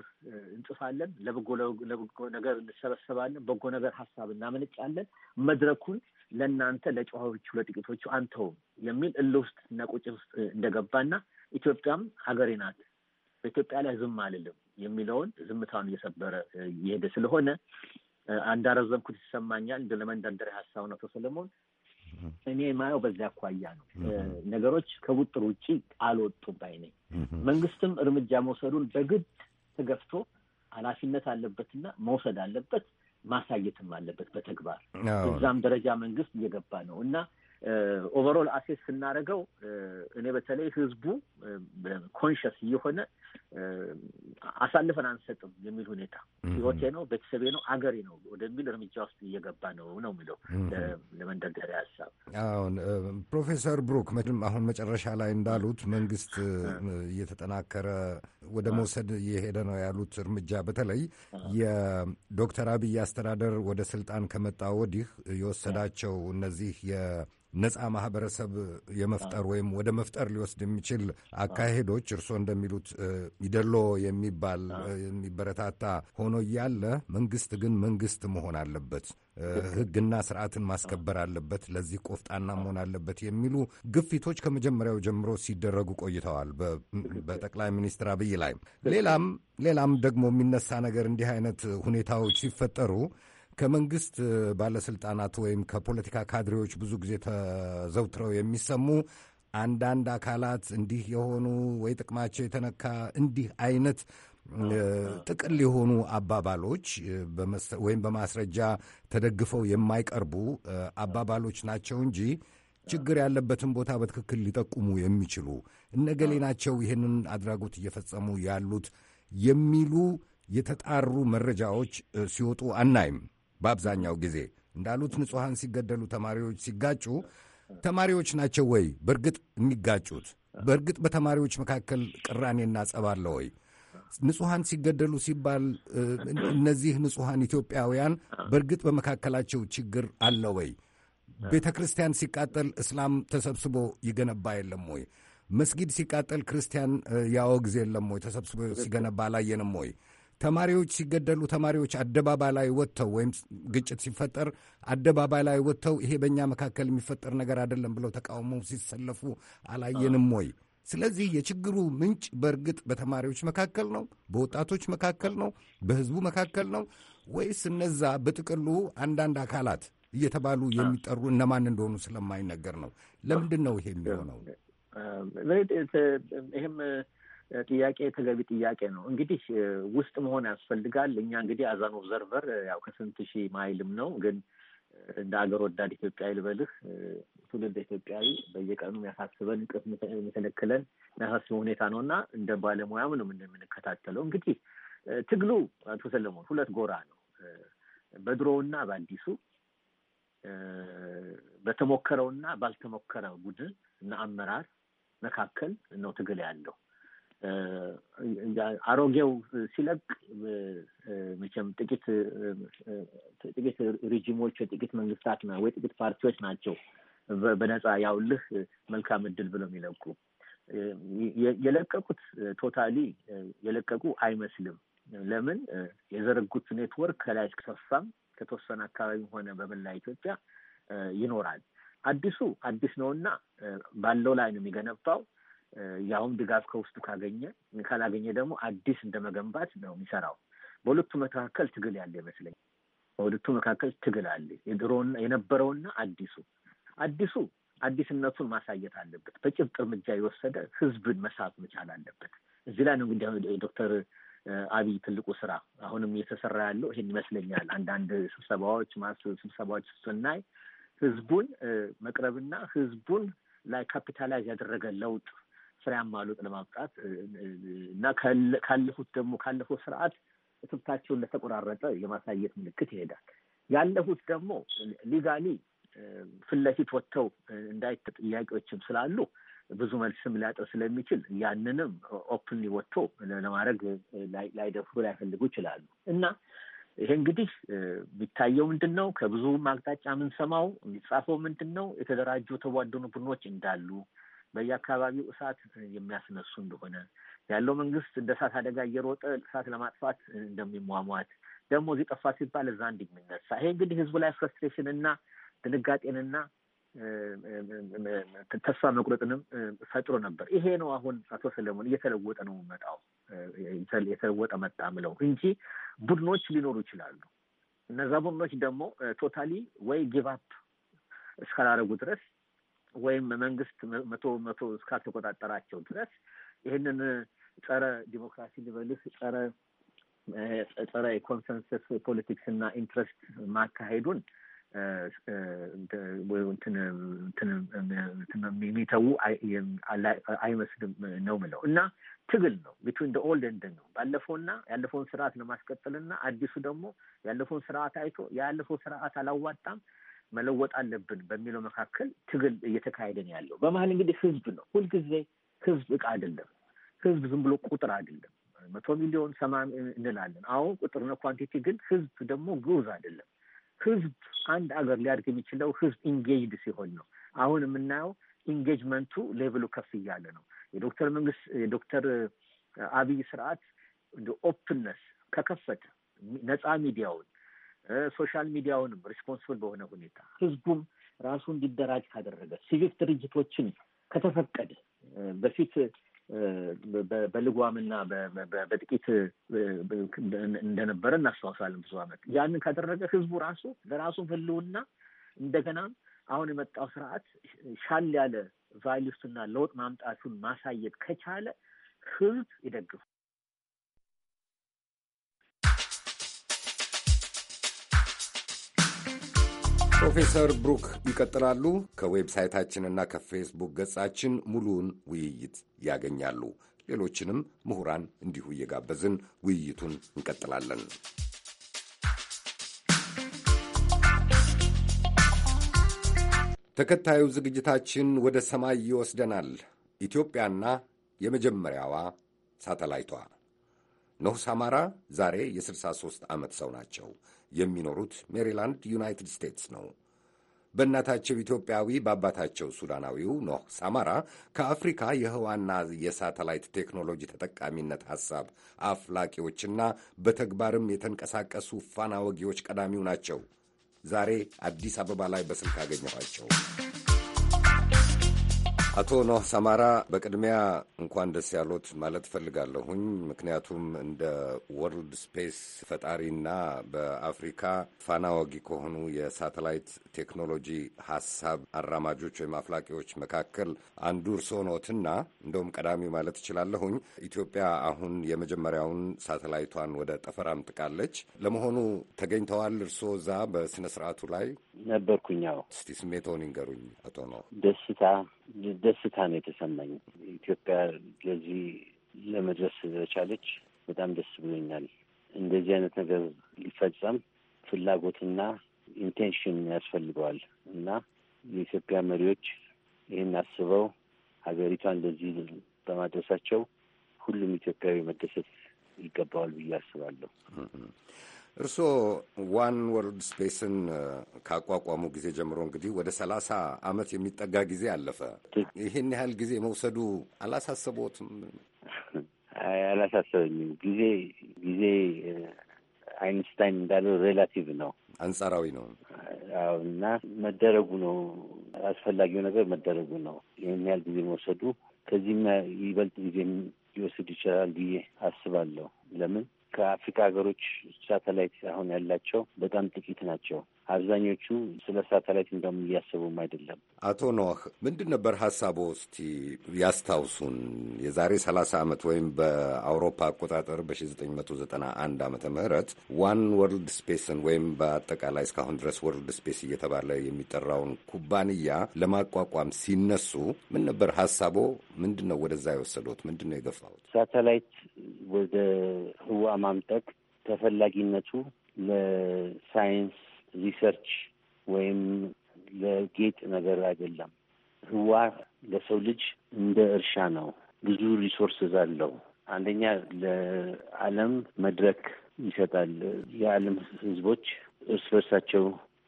እንጽፋለን። ለበጎ ለበጎ ነገር እንሰበሰባለን። በጎ ነገር ሀሳብ እናመነጫለን። መድረኩን ለእናንተ ለጨዋዎቹ ለጥቂቶቹ አንተውም የሚል እል ውስጥ እና ቁጭ ውስጥ እንደገባና ኢትዮጵያም ሀገሬ ናት በኢትዮጵያ ላይ ዝም አልልም የሚለውን ዝምታውን እየሰበረ እየሄደ ስለሆነ አንዳረዘምኩት ይሰማኛል። እንደ ለመንደርደሪያ ሀሳብ ነው። ሰለሞን እኔ የማየው በዚያ አኳያ ነው። ነገሮች ከቁጥጥር ውጭ አልወጡም ባይ ነኝ። መንግስትም እርምጃ መውሰዱን በግድ ተገፍቶ ኃላፊነት አለበትና መውሰድ አለበት፣ ማሳየትም አለበት በተግባር እዛም ደረጃ መንግስት እየገባ ነው እና ኦቨሮል አሴስ ስናደርገው እኔ በተለይ ህዝቡ ኮንሽስ እየሆነ አሳልፈን አንሰጥም የሚል ሁኔታ ህይወቴ ነው፣ ቤተሰቤ ነው፣ አገሬ ነው ወደሚል እርምጃ ውስጥ እየገባ ነው ነው የሚለው ለመንደርደሪያ ሀሳብ። አሁን ፕሮፌሰር ብሩክ አሁን መጨረሻ ላይ እንዳሉት መንግስት እየተጠናከረ ወደ መውሰድ እየሄደ ነው ያሉት እርምጃ በተለይ የዶክተር አብይ አስተዳደር ወደ ስልጣን ከመጣ ወዲህ የወሰዳቸው እነዚህ ነፃ ማህበረሰብ የመፍጠር ወይም ወደ መፍጠር ሊወስድ የሚችል አካሄዶች እርስዎ እንደሚሉት ይደሎ የሚባል የሚበረታታ ሆኖ እያለ መንግስት ግን መንግስት መሆን አለበት፣ ህግና ስርዓትን ማስከበር አለበት፣ ለዚህ ቆፍጣና መሆን አለበት የሚሉ ግፊቶች ከመጀመሪያው ጀምሮ ሲደረጉ ቆይተዋል በጠቅላይ ሚኒስትር አብይ ላይ። ሌላም ሌላም ደግሞ የሚነሳ ነገር እንዲህ አይነት ሁኔታዎች ሲፈጠሩ ከመንግስት ባለስልጣናት ወይም ከፖለቲካ ካድሬዎች ብዙ ጊዜ ተዘውትረው የሚሰሙ አንዳንድ አካላት እንዲህ የሆኑ ወይ ጥቅማቸው የተነካ እንዲህ አይነት ጥቅል የሆኑ አባባሎች ወይም በማስረጃ ተደግፈው የማይቀርቡ አባባሎች ናቸው እንጂ ችግር ያለበትን ቦታ በትክክል ሊጠቁሙ የሚችሉ እነገሌ ናቸው ይህንን አድራጎት እየፈጸሙ ያሉት የሚሉ የተጣሩ መረጃዎች ሲወጡ አናይም። በአብዛኛው ጊዜ እንዳሉት ንጹሐን ሲገደሉ፣ ተማሪዎች ሲጋጩ ተማሪዎች ናቸው ወይ በእርግጥ የሚጋጩት? በእርግጥ በተማሪዎች መካከል ቅራኔና ጸብ አለ ወይ? ንጹሐን ሲገደሉ ሲባል እነዚህ ንጹሐን ኢትዮጵያውያን በእርግጥ በመካከላቸው ችግር አለ ወይ? ቤተ ክርስቲያን ሲቃጠል እስላም ተሰብስቦ ይገነባ የለም ወይ? መስጊድ ሲቃጠል ክርስቲያን ያወግዝ የለም ወይ? ተሰብስቦ ሲገነባ አላየንም ወይ? ተማሪዎች ሲገደሉ ተማሪዎች አደባባይ ላይ ወጥተው ወይም ግጭት ሲፈጠር አደባባይ ላይ ወጥተው ይሄ በእኛ መካከል የሚፈጠር ነገር አይደለም ብለው ተቃውሞ ሲሰለፉ አላየንም ወይ? ስለዚህ የችግሩ ምንጭ በእርግጥ በተማሪዎች መካከል ነው? በወጣቶች መካከል ነው? በህዝቡ መካከል ነው ወይስ እነዛ በጥቅሉ አንዳንድ አካላት እየተባሉ የሚጠሩ እነማን እንደሆኑ ስለማይነገር ነው? ለምንድን ነው ይሄ የሚሆነው? ይህም ጥያቄ ተገቢ ጥያቄ ነው። እንግዲህ ውስጥ መሆን ያስፈልጋል። እኛ እንግዲህ አዛን ኦብዘርቨር ያው ከስንት ሺህ ማይልም ነው ግን እንደ አገር ወዳድ ኢትዮጵያዊ ልበልህ ትውልድ ኢትዮጵያዊ በየቀኑ ያሳስበን እንቅልፍ የሚከለክለን ያሳስበ ሁኔታ ነው እና እንደ ባለሙያም ነው የምንከታተለው። እንግዲህ ትግሉ አቶ ሰለሞን ሁለት ጎራ ነው፣ በድሮውና በአዲሱ በተሞከረውና ባልተሞከረ ቡድን እና አመራር መካከል ነው ትግል ያለው። አሮጌው ሲለቅ መቼም ጥቂት ጥቂት ሪጂሞች የጥቂት መንግስታት መንግስታት ወይ ጥቂት ፓርቲዎች ናቸው በነፃ ያውልህ መልካም እድል ብለው የሚለቁ። የለቀቁት ቶታሊ የለቀቁ አይመስልም። ለምን የዘረጉት ኔትወርክ ከላይ እስከሰፋም ከተወሰነ አካባቢም ሆነ በመላ ኢትዮጵያ ይኖራል። አዲሱ አዲስ ነውና ባለው ላይ ነው የሚገነባው። ያውም ድጋፍ ከውስጡ ካገኘ፣ ካላገኘ ደግሞ አዲስ እንደመገንባት ነው የሚሰራው። በሁለቱ መካከል ትግል ያለ ይመስለኛል። በሁለቱ መካከል ትግል አለ። የድሮና የነበረውና አዲሱ አዲሱ አዲስነቱን ማሳየት አለበት። በጭብጥ እርምጃ የወሰደ ህዝብን መሳብ መቻል አለበት። እዚህ ላይ ነው እንግዲህ ዶክተር አብይ ትልቁ ስራ አሁንም እየተሰራ ያለው ይሄን ይመስለኛል። አንዳንድ ስብሰባዎች ማስ ስብሰባዎች ስናይ ህዝቡን መቅረብና ህዝቡን ላይ ካፒታላይዝ ያደረገ ለውጥ ፍሬያማ ለውጥ ለማምጣት እና ካለፉት ደግሞ ካለፈው ስርዓት ትብታቸውን ለተቆራረጠ የማሳየት ምልክት ይሄዳል። ያለፉት ደግሞ ሊጋሊ ፊት ለፊት ወጥተው እንዳይት ጥያቄዎችም ስላሉ ብዙ መልስም ሊያጠው ስለሚችል ያንንም ኦፕን ወጥቶ ለማድረግ ላይደፍሩ ላይፈልጉ ይችላሉ እና ይሄ እንግዲህ የሚታየው ምንድን ነው? ከብዙ አቅጣጫ የምንሰማው የሚጻፈው ምንድን ነው? የተደራጁ የተቧደኑ ቡድኖች እንዳሉ በየአካባቢው እሳት የሚያስነሱ እንደሆነ ያለው መንግስት እንደ እሳት አደጋ እየሮጠ እሳት ለማጥፋት እንደሚሟሟት ደግሞ እዚህ ጠፋ ሲባል እዛ እንደሚነሳ ይሄ እንግዲህ ህዝቡ ላይ ፍረስትሬሽን እና ድንጋጤንና ተስፋ መቁረጥንም ፈጥሮ ነበር። ይሄ ነው አሁን አቶ ሰለሞን እየተለወጠ ነው መጣው የተለወጠ መጣ ምለው እንጂ ቡድኖች ሊኖሩ ይችላሉ። እነዛ ቡድኖች ደግሞ ቶታሊ ወይ ጊቭ አፕ እስካላረጉ ድረስ ወይም መንግስት መቶ መቶ እስካልተቆጣጠራቸው ድረስ ይህንን ጸረ ዲሞክራሲ ልበልህ ጸረ ጸረ ኮንሰንሰስ ፖለቲክስ እና ኢንትረስት ማካሄዱን የሚተዉ አይመስልም ነው ምለው እና ትግል ነው ቢትዊን ኦልድ ኤንድ ነው ባለፈውና ያለፈውን ስርዓት ለማስቀጠልና አዲሱ ደግሞ ያለፈውን ስርዓት አይቶ ያለፈው ስርዓት አላዋጣም መለወጥ አለብን በሚለው መካከል ትግል እየተካሄደን ያለው በመሀል እንግዲህ ህዝብ ነው። ሁልጊዜ ህዝብ እቃ አይደለም። ህዝብ ዝም ብሎ ቁጥር አይደለም። መቶ ሚሊዮን ሰማ እንላለን። አሁን ቁጥር ነው ኳንቲቲ። ግን ህዝብ ደግሞ ግዑዝ አይደለም። ህዝብ አንድ አገር ሊያድግ የሚችለው ህዝብ ኢንጌጅድ ሲሆን ነው። አሁን የምናየው ኢንጌጅመንቱ ሌቭሉ ከፍ እያለ ነው። የዶክተር መንግስት የዶክተር አብይ ስርዓት ኦፕንነስ ከከፈተ ነፃ ሚዲያውን ሶሻል ሚዲያውንም ሪስፖንስብል በሆነ ሁኔታ ህዝቡም ራሱ እንዲደራጅ ካደረገ ሲቪክ ድርጅቶችን ከተፈቀደ በፊት በልጓምና በጥቂት እንደነበረ እናስታውሳለን። ብዙ አመት ያንን ካደረገ ህዝቡ ራሱ ለራሱም ህልውና እንደገና አሁን የመጣው ስርዓት ሻል ያለ ቫሊዩስና ለውጥ ማምጣቱን ማሳየት ከቻለ ህዝብ ይደግፉ ፕሮፌሰር ብሩክ ይቀጥላሉ። ከዌብሳይታችንና ከፌስቡክ ገጻችን ሙሉውን ውይይት ያገኛሉ። ሌሎችንም ምሁራን እንዲሁ እየጋበዝን ውይይቱን እንቀጥላለን። ተከታዩ ዝግጅታችን ወደ ሰማይ ይወስደናል። ኢትዮጵያና የመጀመሪያዋ ሳተላይቷ ኖህ ሳማራ ዛሬ የ63 ዓመት ሰው ናቸው። የሚኖሩት ሜሪላንድ ዩናይትድ ስቴትስ ነው። በእናታቸው ኢትዮጵያዊ በአባታቸው ሱዳናዊው ኖህ ሳማራ ከአፍሪካ የህዋና የሳተላይት ቴክኖሎጂ ተጠቃሚነት ሐሳብ አፍላቂዎችና በተግባርም የተንቀሳቀሱ ፋና ወጊዎች ቀዳሚው ናቸው። ዛሬ አዲስ አበባ ላይ በስልክ አገኘኋቸው። አቶ ኖህ ሰማራ በቅድሚያ እንኳን ደስ ያሎት ማለት ፈልጋለሁኝ። ምክንያቱም እንደ ወርልድ ስፔስ ፈጣሪና በአፍሪካ ፋና ወጊ ከሆኑ የሳተላይት ቴክኖሎጂ ሀሳብ አራማጆች ወይም አፍላቂዎች መካከል አንዱ እርስዎ ኖትና እንደውም ቀዳሚ ማለት እችላለሁኝ። ኢትዮጵያ አሁን የመጀመሪያውን ሳተላይቷን ወደ ጠፈር አምጥቃለች። ለመሆኑ ተገኝተዋል እርስዎ እዛ በስነ ስርዓቱ ላይ? ነበርኩኝ። ያው እስቲ ስሜቶን ይንገሩኝ አቶ ነው። ደስታ ደስታ ነው የተሰማኝ ኢትዮጵያ ለዚህ ለመድረስ ስለቻለች በጣም ደስ ብሎኛል። እንደዚህ አይነት ነገር ሊፈጸም ፍላጎትና ኢንቴንሽን ያስፈልገዋል እና የኢትዮጵያ መሪዎች ይህን አስበው ሀገሪቷን እንደዚህ በማድረሳቸው ሁሉም ኢትዮጵያዊ መደሰት ይገባዋል ብዬ አስባለሁ። እርስዎ ዋን ወርልድ ስፔስን ካቋቋሙ ጊዜ ጀምሮ እንግዲህ ወደ ሰላሳ ዓመት የሚጠጋ ጊዜ አለፈ። ይህን ያህል ጊዜ መውሰዱ አላሳሰቦትም? አላሳሰበኝም። ጊዜ ጊዜ አይንስታይን እንዳለው ሬላቲቭ ነው፣ አንጻራዊ ነው። አዎ እና መደረጉ ነው አስፈላጊው ነገር መደረጉ ነው። ይህን ያህል ጊዜ መውሰዱ ከዚህም ይበልጥ ጊዜ ሊወስድ ይችላል ብዬ አስባለሁ። ለምን ከአፍሪካ ሀገሮች ሳተላይት አሁን ያላቸው በጣም ጥቂት ናቸው። አብዛኞቹ ስለ ሳተላይት እንደውም እያሰቡም አይደለም። አቶ ኖህ ምንድን ነበር ሀሳቦ እስቲ ያስታውሱን። የዛሬ ሰላሳ ዓመት ወይም በአውሮፓ አቆጣጠር በ1991 ዓመተ ምህረት ዋን ወርልድ ስፔስን ወይም በአጠቃላይ እስካሁን ድረስ ወርልድ ስፔስ እየተባለ የሚጠራውን ኩባንያ ለማቋቋም ሲነሱ ምን ነበር ሀሳቦ? ምንድን ነው ወደዛ የወሰዶት? ምንድን ነው የገፋሁት? ሳተላይት ወደ ህዋ ማምጠቅ ተፈላጊነቱ ለሳይንስ ሪሰርች ወይም ለጌጥ ነገር አይደለም። ህዋ ለሰው ልጅ እንደ እርሻ ነው። ብዙ ሪሶርስስ አለው። አንደኛ ለዓለም መድረክ ይሰጣል። የዓለም ህዝቦች እርስ በርሳቸው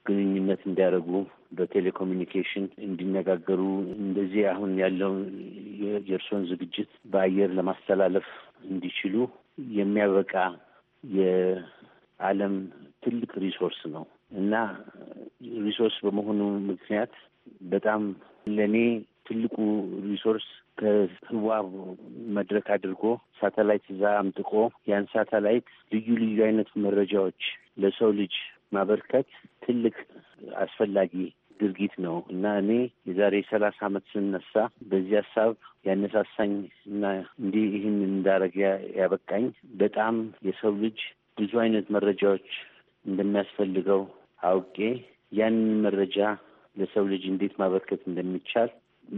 ግንኙነት እንዲያደርጉ በቴሌኮሚኒኬሽን እንዲነጋገሩ፣ እንደዚህ አሁን ያለው የእርሶን ዝግጅት በአየር ለማስተላለፍ እንዲችሉ የሚያበቃ የዓለም ትልቅ ሪሶርስ ነው። እና ሪሶርስ በመሆኑ ምክንያት በጣም ለእኔ ትልቁ ሪሶርስ ከህዋ መድረክ አድርጎ ሳተላይት እዛ አምጥቆ ያን ሳተላይት ልዩ ልዩ አይነት መረጃዎች ለሰው ልጅ ማበርከት ትልቅ አስፈላጊ ድርጊት ነው እና እኔ የዛሬ ሰላሳ ዓመት ስነሳ በዚህ ሀሳብ ያነሳሳኝ እና እንዲህ ይህን እንዳረግ ያበቃኝ በጣም የሰው ልጅ ብዙ አይነት መረጃዎች እንደሚያስፈልገው አውቄ ያንን መረጃ ለሰው ልጅ እንዴት ማበርከት እንደሚቻል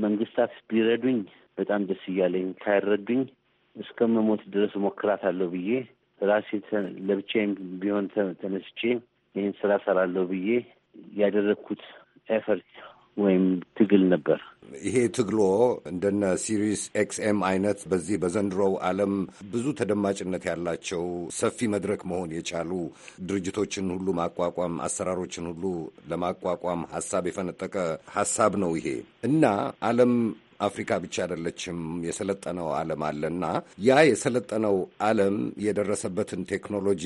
መንግስታት ቢረዱኝ በጣም ደስ እያለኝ፣ ካይረዱኝ እስከ መሞት ድረስ ሞክራታለሁ ብዬ ራሴ ለብቻዬም ቢሆን ተነስቼ ይህን ስራ ሰራለሁ ብዬ ያደረግኩት ኤፈርት ወይም ትግል ነበር። ይሄ ትግሎ እንደነ ሲሪስ ኤክስኤም አይነት በዚህ በዘንድሮው ዓለም ብዙ ተደማጭነት ያላቸው ሰፊ መድረክ መሆን የቻሉ ድርጅቶችን ሁሉ ማቋቋም፣ አሰራሮችን ሁሉ ለማቋቋም ሀሳብ የፈነጠቀ ሀሳብ ነው ይሄ እና ዓለም አፍሪካ ብቻ አይደለችም፣ የሰለጠነው ዓለም አለና ያ የሰለጠነው ዓለም የደረሰበትን ቴክኖሎጂ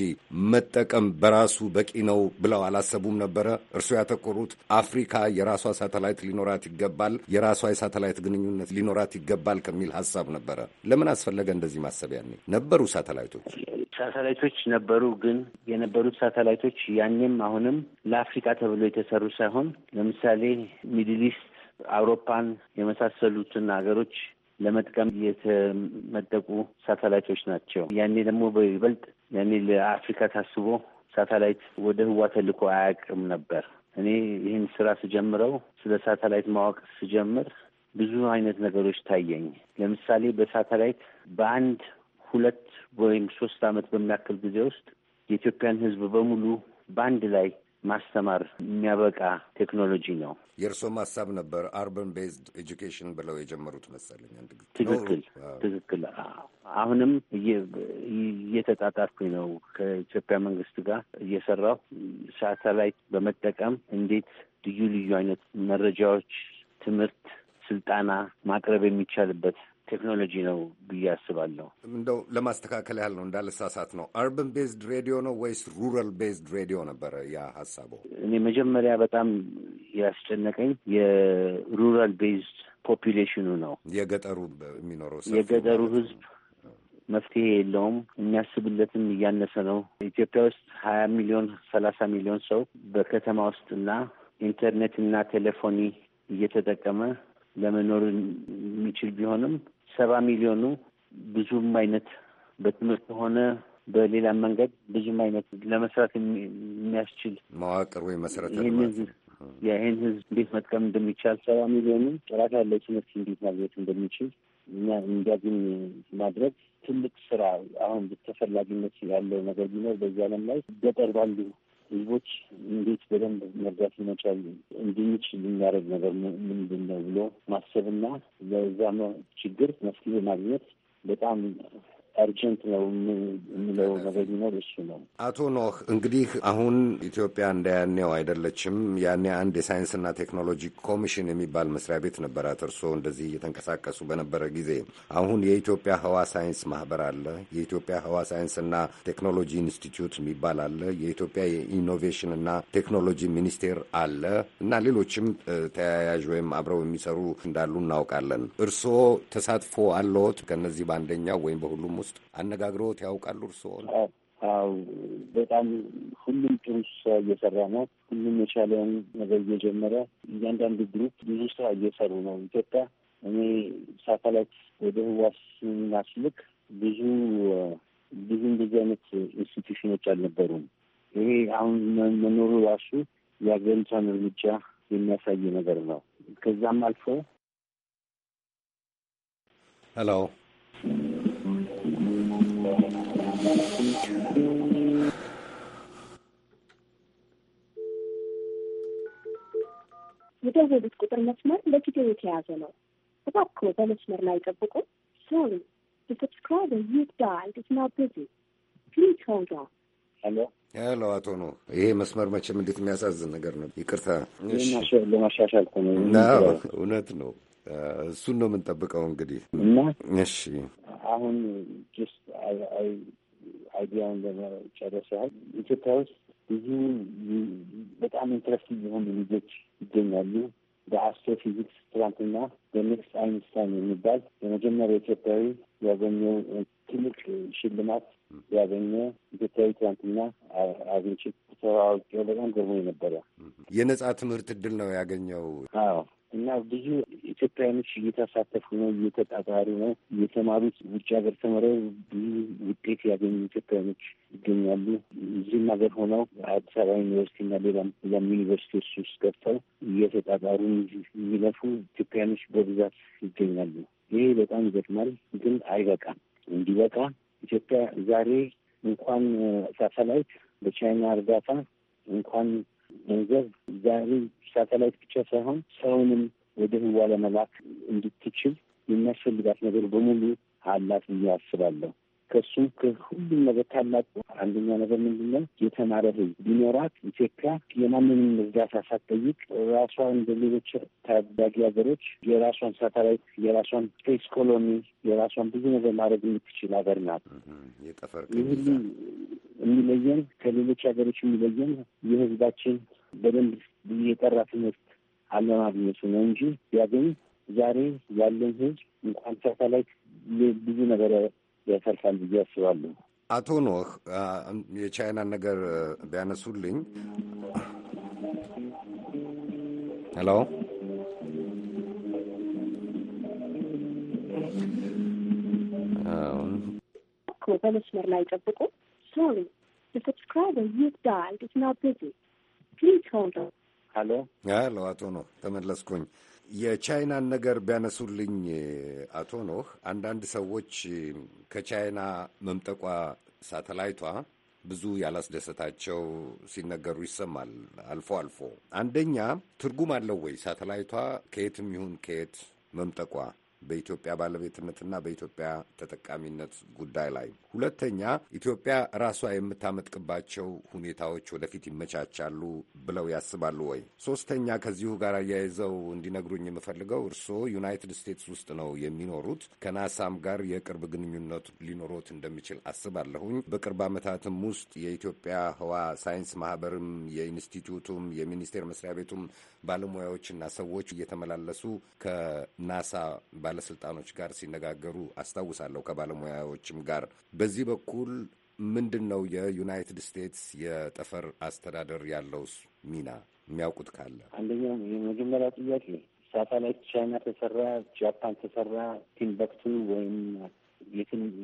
መጠቀም በራሱ በቂ ነው ብለው አላሰቡም ነበረ። እርስዎ ያተኮሩት አፍሪካ የራሷ ሳተላይት ሊኖራት ይገባል፣ የራሷ የሳተላይት ግንኙነት ሊኖራት ይገባል ከሚል ሀሳብ ነበረ። ለምን አስፈለገ እንደዚህ ማሰብ? ያኔ ነበሩ ሳተላይቶች ሳተላይቶች ነበሩ፣ ግን የነበሩት ሳተላይቶች ያኔም አሁንም ለአፍሪካ ተብሎ የተሰሩ ሳይሆን ለምሳሌ ሚድል ኢስት አውሮፓን የመሳሰሉትን ሀገሮች ለመጥቀም የተመደቁ ሳተላይቶች ናቸው። ያኔ ደግሞ በይበልጥ ያኔ ለአፍሪካ ታስቦ ሳተላይት ወደ ህዋ ተልኮ አያውቅም ነበር። እኔ ይህን ስራ ስጀምረው ስለ ሳተላይት ማወቅ ስጀምር ብዙ አይነት ነገሮች ታየኝ። ለምሳሌ በሳተላይት በአንድ ሁለት ወይም ሶስት ዓመት በሚያክል ጊዜ ውስጥ የኢትዮጵያን ህዝብ በሙሉ በአንድ ላይ ማስተማር የሚያበቃ ቴክኖሎጂ ነው። የእርስዎም ሀሳብ ነበር አርበን ቤዝድ ኤጁኬሽን ብለው የጀመሩት መሰለኝ። አንድ ጊዜ ትክክል ትክክል። አሁንም እየተጣጣፍኩኝ ነው ከኢትዮጵያ መንግስት ጋር እየሰራሁ ሳተላይት በመጠቀም እንዴት ልዩ ልዩ አይነት መረጃዎች፣ ትምህርት፣ ስልጠና ማቅረብ የሚቻልበት ቴክኖሎጂ ነው ብዬ አስባለሁ። እንደው ለማስተካከል ያህል ነው እንዳልሳሳት ነው አርበን ቤዝድ ሬዲዮ ነው ወይስ ሩራል ቤዝድ ሬዲዮ ነበረ ያ ሀሳቡ? እኔ መጀመሪያ በጣም ያስጨነቀኝ የሩራል ቤዝድ ፖፒሌሽኑ ነው። የገጠሩ የሚኖረው የገጠሩ ህዝብ መፍትሄ የለውም። የሚያስብለትም እያነሰ ነው። ኢትዮጵያ ውስጥ ሀያ ሚሊዮን ሰላሳ ሚሊዮን ሰው በከተማ ውስጥ እና ቴሌፎኒ እየተጠቀመ ለመኖር የሚችል ቢሆንም ሰባ ሚሊዮኑ ብዙም አይነት በትምህርት ሆነ በሌላ መንገድ ብዙም አይነት ለመስራት የሚያስችል መዋቅር ወይ መሰረተ ልማት ይህን ህዝብ እንዴት መጥቀም እንደሚቻል ሰባ ሚሊዮኑ ጥራት ያለው ትምህርት እንዴት ማግኘት እንደሚችል እኛ እንዲያገኝ ማድረግ ትልቅ ስራ አሁን ተፈላጊነት ያለው ነገር ቢኖር በዚህ ዓለም ላይ ገጠር ባሉ ህዝቦች እንዴት በደንብ መርዳት ይመጫል እንዲች የሚያደርግ ነገር ምንድን ነው ብሎ ማሰብና ለዛ ችግር መፍትሄ ማግኘት በጣም አርጀንት ነው የሚለው ነገር ቢኖር እሱ ነው። አቶ ኖህ እንግዲህ አሁን ኢትዮጵያ እንደ ያኔው አይደለችም። ያኔ አንድ የሳይንስና ቴክኖሎጂ ኮሚሽን የሚባል መስሪያ ቤት ነበራት። እርስዎ እንደዚህ እየተንቀሳቀሱ በነበረ ጊዜ አሁን የኢትዮጵያ ህዋ ሳይንስ ማህበር አለ። የኢትዮጵያ ህዋ ሳይንስና ቴክኖሎጂ ኢንስቲትዩት የሚባል አለ። የኢትዮጵያ የኢኖቬሽንና ቴክኖሎጂ ሚኒስቴር አለ እና ሌሎችም ተያያዥ ወይም አብረው የሚሰሩ እንዳሉ እናውቃለን። እርስዎ ተሳትፎ አለዎት ከነዚህ በአንደኛው ወይም በሁሉም ውስጥ አነጋግሮት ያውቃሉ እርስዎን? አዎ በጣም ሁሉም ጥሩ ስራ እየሰራ ነው። ሁሉም የቻለውን ነገር እየጀመረ እያንዳንዱ ግሩፕ ብዙ ስራ እየሰሩ ነው። ኢትዮጵያ እኔ ሳተላይት ወደ ህዋ ስናስልክ ብዙ ብዙ እንደዚህ አይነት ኢንስቲቱሽኖች አልነበሩም። ይሄ አሁን መኖሩ ራሱ የአገሪቷን እርምጃ የሚያሳይ ነገር ነው። ከዛም አልፎ ሄሎ የደወሉት ቁጥር መስመር ለጊዜው የተያዘ ነው። እባክዎ በመስመር ላይ ጠብቁ። ሶሪ the ይዳል ስና ብዙ is now busy. ሄሎ አቶ ኖ ይሄ መስመር መቼም እንዴት የሚያሳዝን ነገር ነው። ይቅርታ ለማሻሻል ነው። እውነት ነው። እሱን ነው የምንጠብቀው እንግዲህ። እሺ አሁን ስ አይዲያውን ለመጨረስ ያህል ኢትዮጵያ ውስጥ ብዙ በጣም ኢንትረስቲንግ የሆኑ ልጆች ይገኛሉ። በአስትሮ ፊዚክስ ትላንትና በኔክስት አይንስታይን የሚባል የመጀመሪያ ኢትዮጵያዊ ያገኘው ትልቅ ሽልማት ያገኘ ኢትዮጵያዊ ትላንትና አግኝቼ ተዋውቄ በጣም ገርሞኝ ነበረ። የነጻ ትምህርት እድል ነው ያገኘው። አዎ እና ብዙ ኢትዮጵያኖች እየተሳተፉ ነው፣ እየተጣጣሩ ነው። የተማሩት ውጭ ሀገር ተምረው ብዙ ውጤት ያገኙ ኢትዮጵያኖች ይገኛሉ። እዚህም ሀገር ሆነው አዲስ አበባ ዩኒቨርሲቲና ሌላም ዩኒቨርሲቲዎች ውስጥ ገብተው እየተጣጣሩ የሚለፉ ኢትዮጵያኖች በብዛት ይገኛሉ። ይሄ በጣም ይገጥማል፣ ግን አይበቃም። እንዲበቃ ኢትዮጵያ ዛሬ እንኳን ሳተላይት በቻይና እርዳታ እንኳን ገንዘብ ዛሬ ሳተላይት ብቻ ሳይሆን ሰውንም ወደ ህዋ ለመላክ እንድትችል የሚያስፈልጋት ነገር በሙሉ አላት ብዬ አስባለሁ። ከሱ ከሁሉም ነገር ታላቁ አንደኛ ነገር ምንድን ነው የተማረ ህዝብ ቢኖራት ኢትዮጵያ የማንንም እርዳታ ሳትጠይቅ ራሷን እንደሌሎች ታዳጊ ሀገሮች የራሷን ሳተላይት የራሷን ስፔስ ኮሎኒ የራሷን ብዙ ነገር ማድረግ የምትችል ሀገር ናት። ይህ የሚለየን ከሌሎች ሀገሮች የሚለየን የህዝባችን በደንብ የጠራ ትምህርት አለማግኘቱ ነው እንጂ ቢያገኝ ዛሬ ያለን ህዝብ እንኳን ሳተላይት ብዙ ነገር ያተርፋል ብዬ አስባለሁ። አቶ ኖህ የቻይናን ነገር ቢያነሱልኝ። ሄሎ በመስመር ላይ ጠብቁ። ሶሪ ሰብስክራይበር ይህ ዳይድ ኢዝ ናት ቢዚ ፕሊዝ ሆልድ ሄሎ ሄሎ። አቶ ኖህ ተመለስኩኝ። የቻይናን ነገር ቢያነሱልኝ አቶ ኖህ፣ አንዳንድ ሰዎች ከቻይና መምጠቋ ሳተላይቷ ብዙ ያላስደሰታቸው ሲነገሩ ይሰማል አልፎ አልፎ። አንደኛ ትርጉም አለው ወይ ሳተላይቷ ከየትም ይሁን ከየት መምጠቋ በኢትዮጵያ ባለቤትነትና በኢትዮጵያ ተጠቃሚነት ጉዳይ ላይ ሁለተኛ ኢትዮጵያ ራሷ የምታመጥቅባቸው ሁኔታዎች ወደፊት ይመቻቻሉ ብለው ያስባሉ ወይ? ሶስተኛ ከዚሁ ጋር አያይዘው እንዲነግሩኝ የምፈልገው እርስዎ ዩናይትድ ስቴትስ ውስጥ ነው የሚኖሩት። ከናሳም ጋር የቅርብ ግንኙነት ሊኖሮት እንደሚችል አስባለሁኝ። በቅርብ ዓመታትም ውስጥ የኢትዮጵያ ህዋ ሳይንስ ማህበርም የኢንስቲትዩቱም የሚኒስቴር መስሪያ ቤቱም ባለሙያዎችና ሰዎች እየተመላለሱ ከናሳ ባለስልጣኖች ጋር ሲነጋገሩ አስታውሳለሁ ከባለሙያዎችም ጋር በዚህ በኩል ምንድን ነው የዩናይትድ ስቴትስ የጠፈር አስተዳደር ያለው ሚና የሚያውቁት ካለ? አንደኛው የመጀመሪያ ጥያቄ ሳተላይት ቻይና ተሰራ፣ ጃፓን ተሰራ፣ ቲምበክቱ ወይም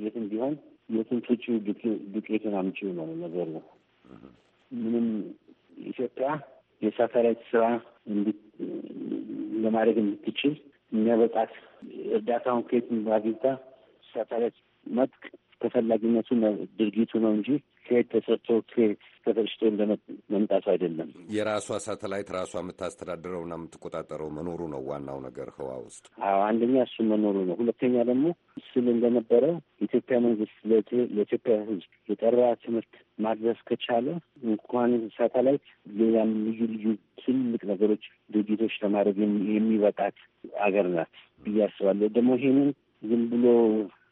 የትም ቢሆን የጥንቶቹ ዱቄቱን አምጪው ነው ነገር ነው። ምንም ኢትዮጵያ የሳተላይት ስራ ለማድረግ እንድትችል የሚያበቃት እርዳታውን ከየት አግኝታ ሳተላይት መጥቅ ተፈላጊነቱ ድርጊቱ ነው እንጂ ከየት ተሰጥቶ ከየት ተፈጭቶ መምጣቱ አይደለም። የራሷ ሳተላይት ራሷ የምታስተዳድረውና የምትቆጣጠረው መኖሩ ነው ዋናው ነገር ህዋ ውስጥ። አዎ አንደኛ እሱ መኖሩ ነው። ሁለተኛ ደግሞ ስል እንደነበረው ኢትዮጵያ መንግስት ለኢትዮጵያ ህዝብ የጠራ ትምህርት ማድረስ ከቻለ እንኳን ሳተላይት ሌላም ልዩ ልዩ ትልቅ ነገሮች ድርጊቶች ለማድረግ የሚበቃት አገር ናት ብዬ አስባለሁ። ደግሞ ይሄንን ዝም ብሎ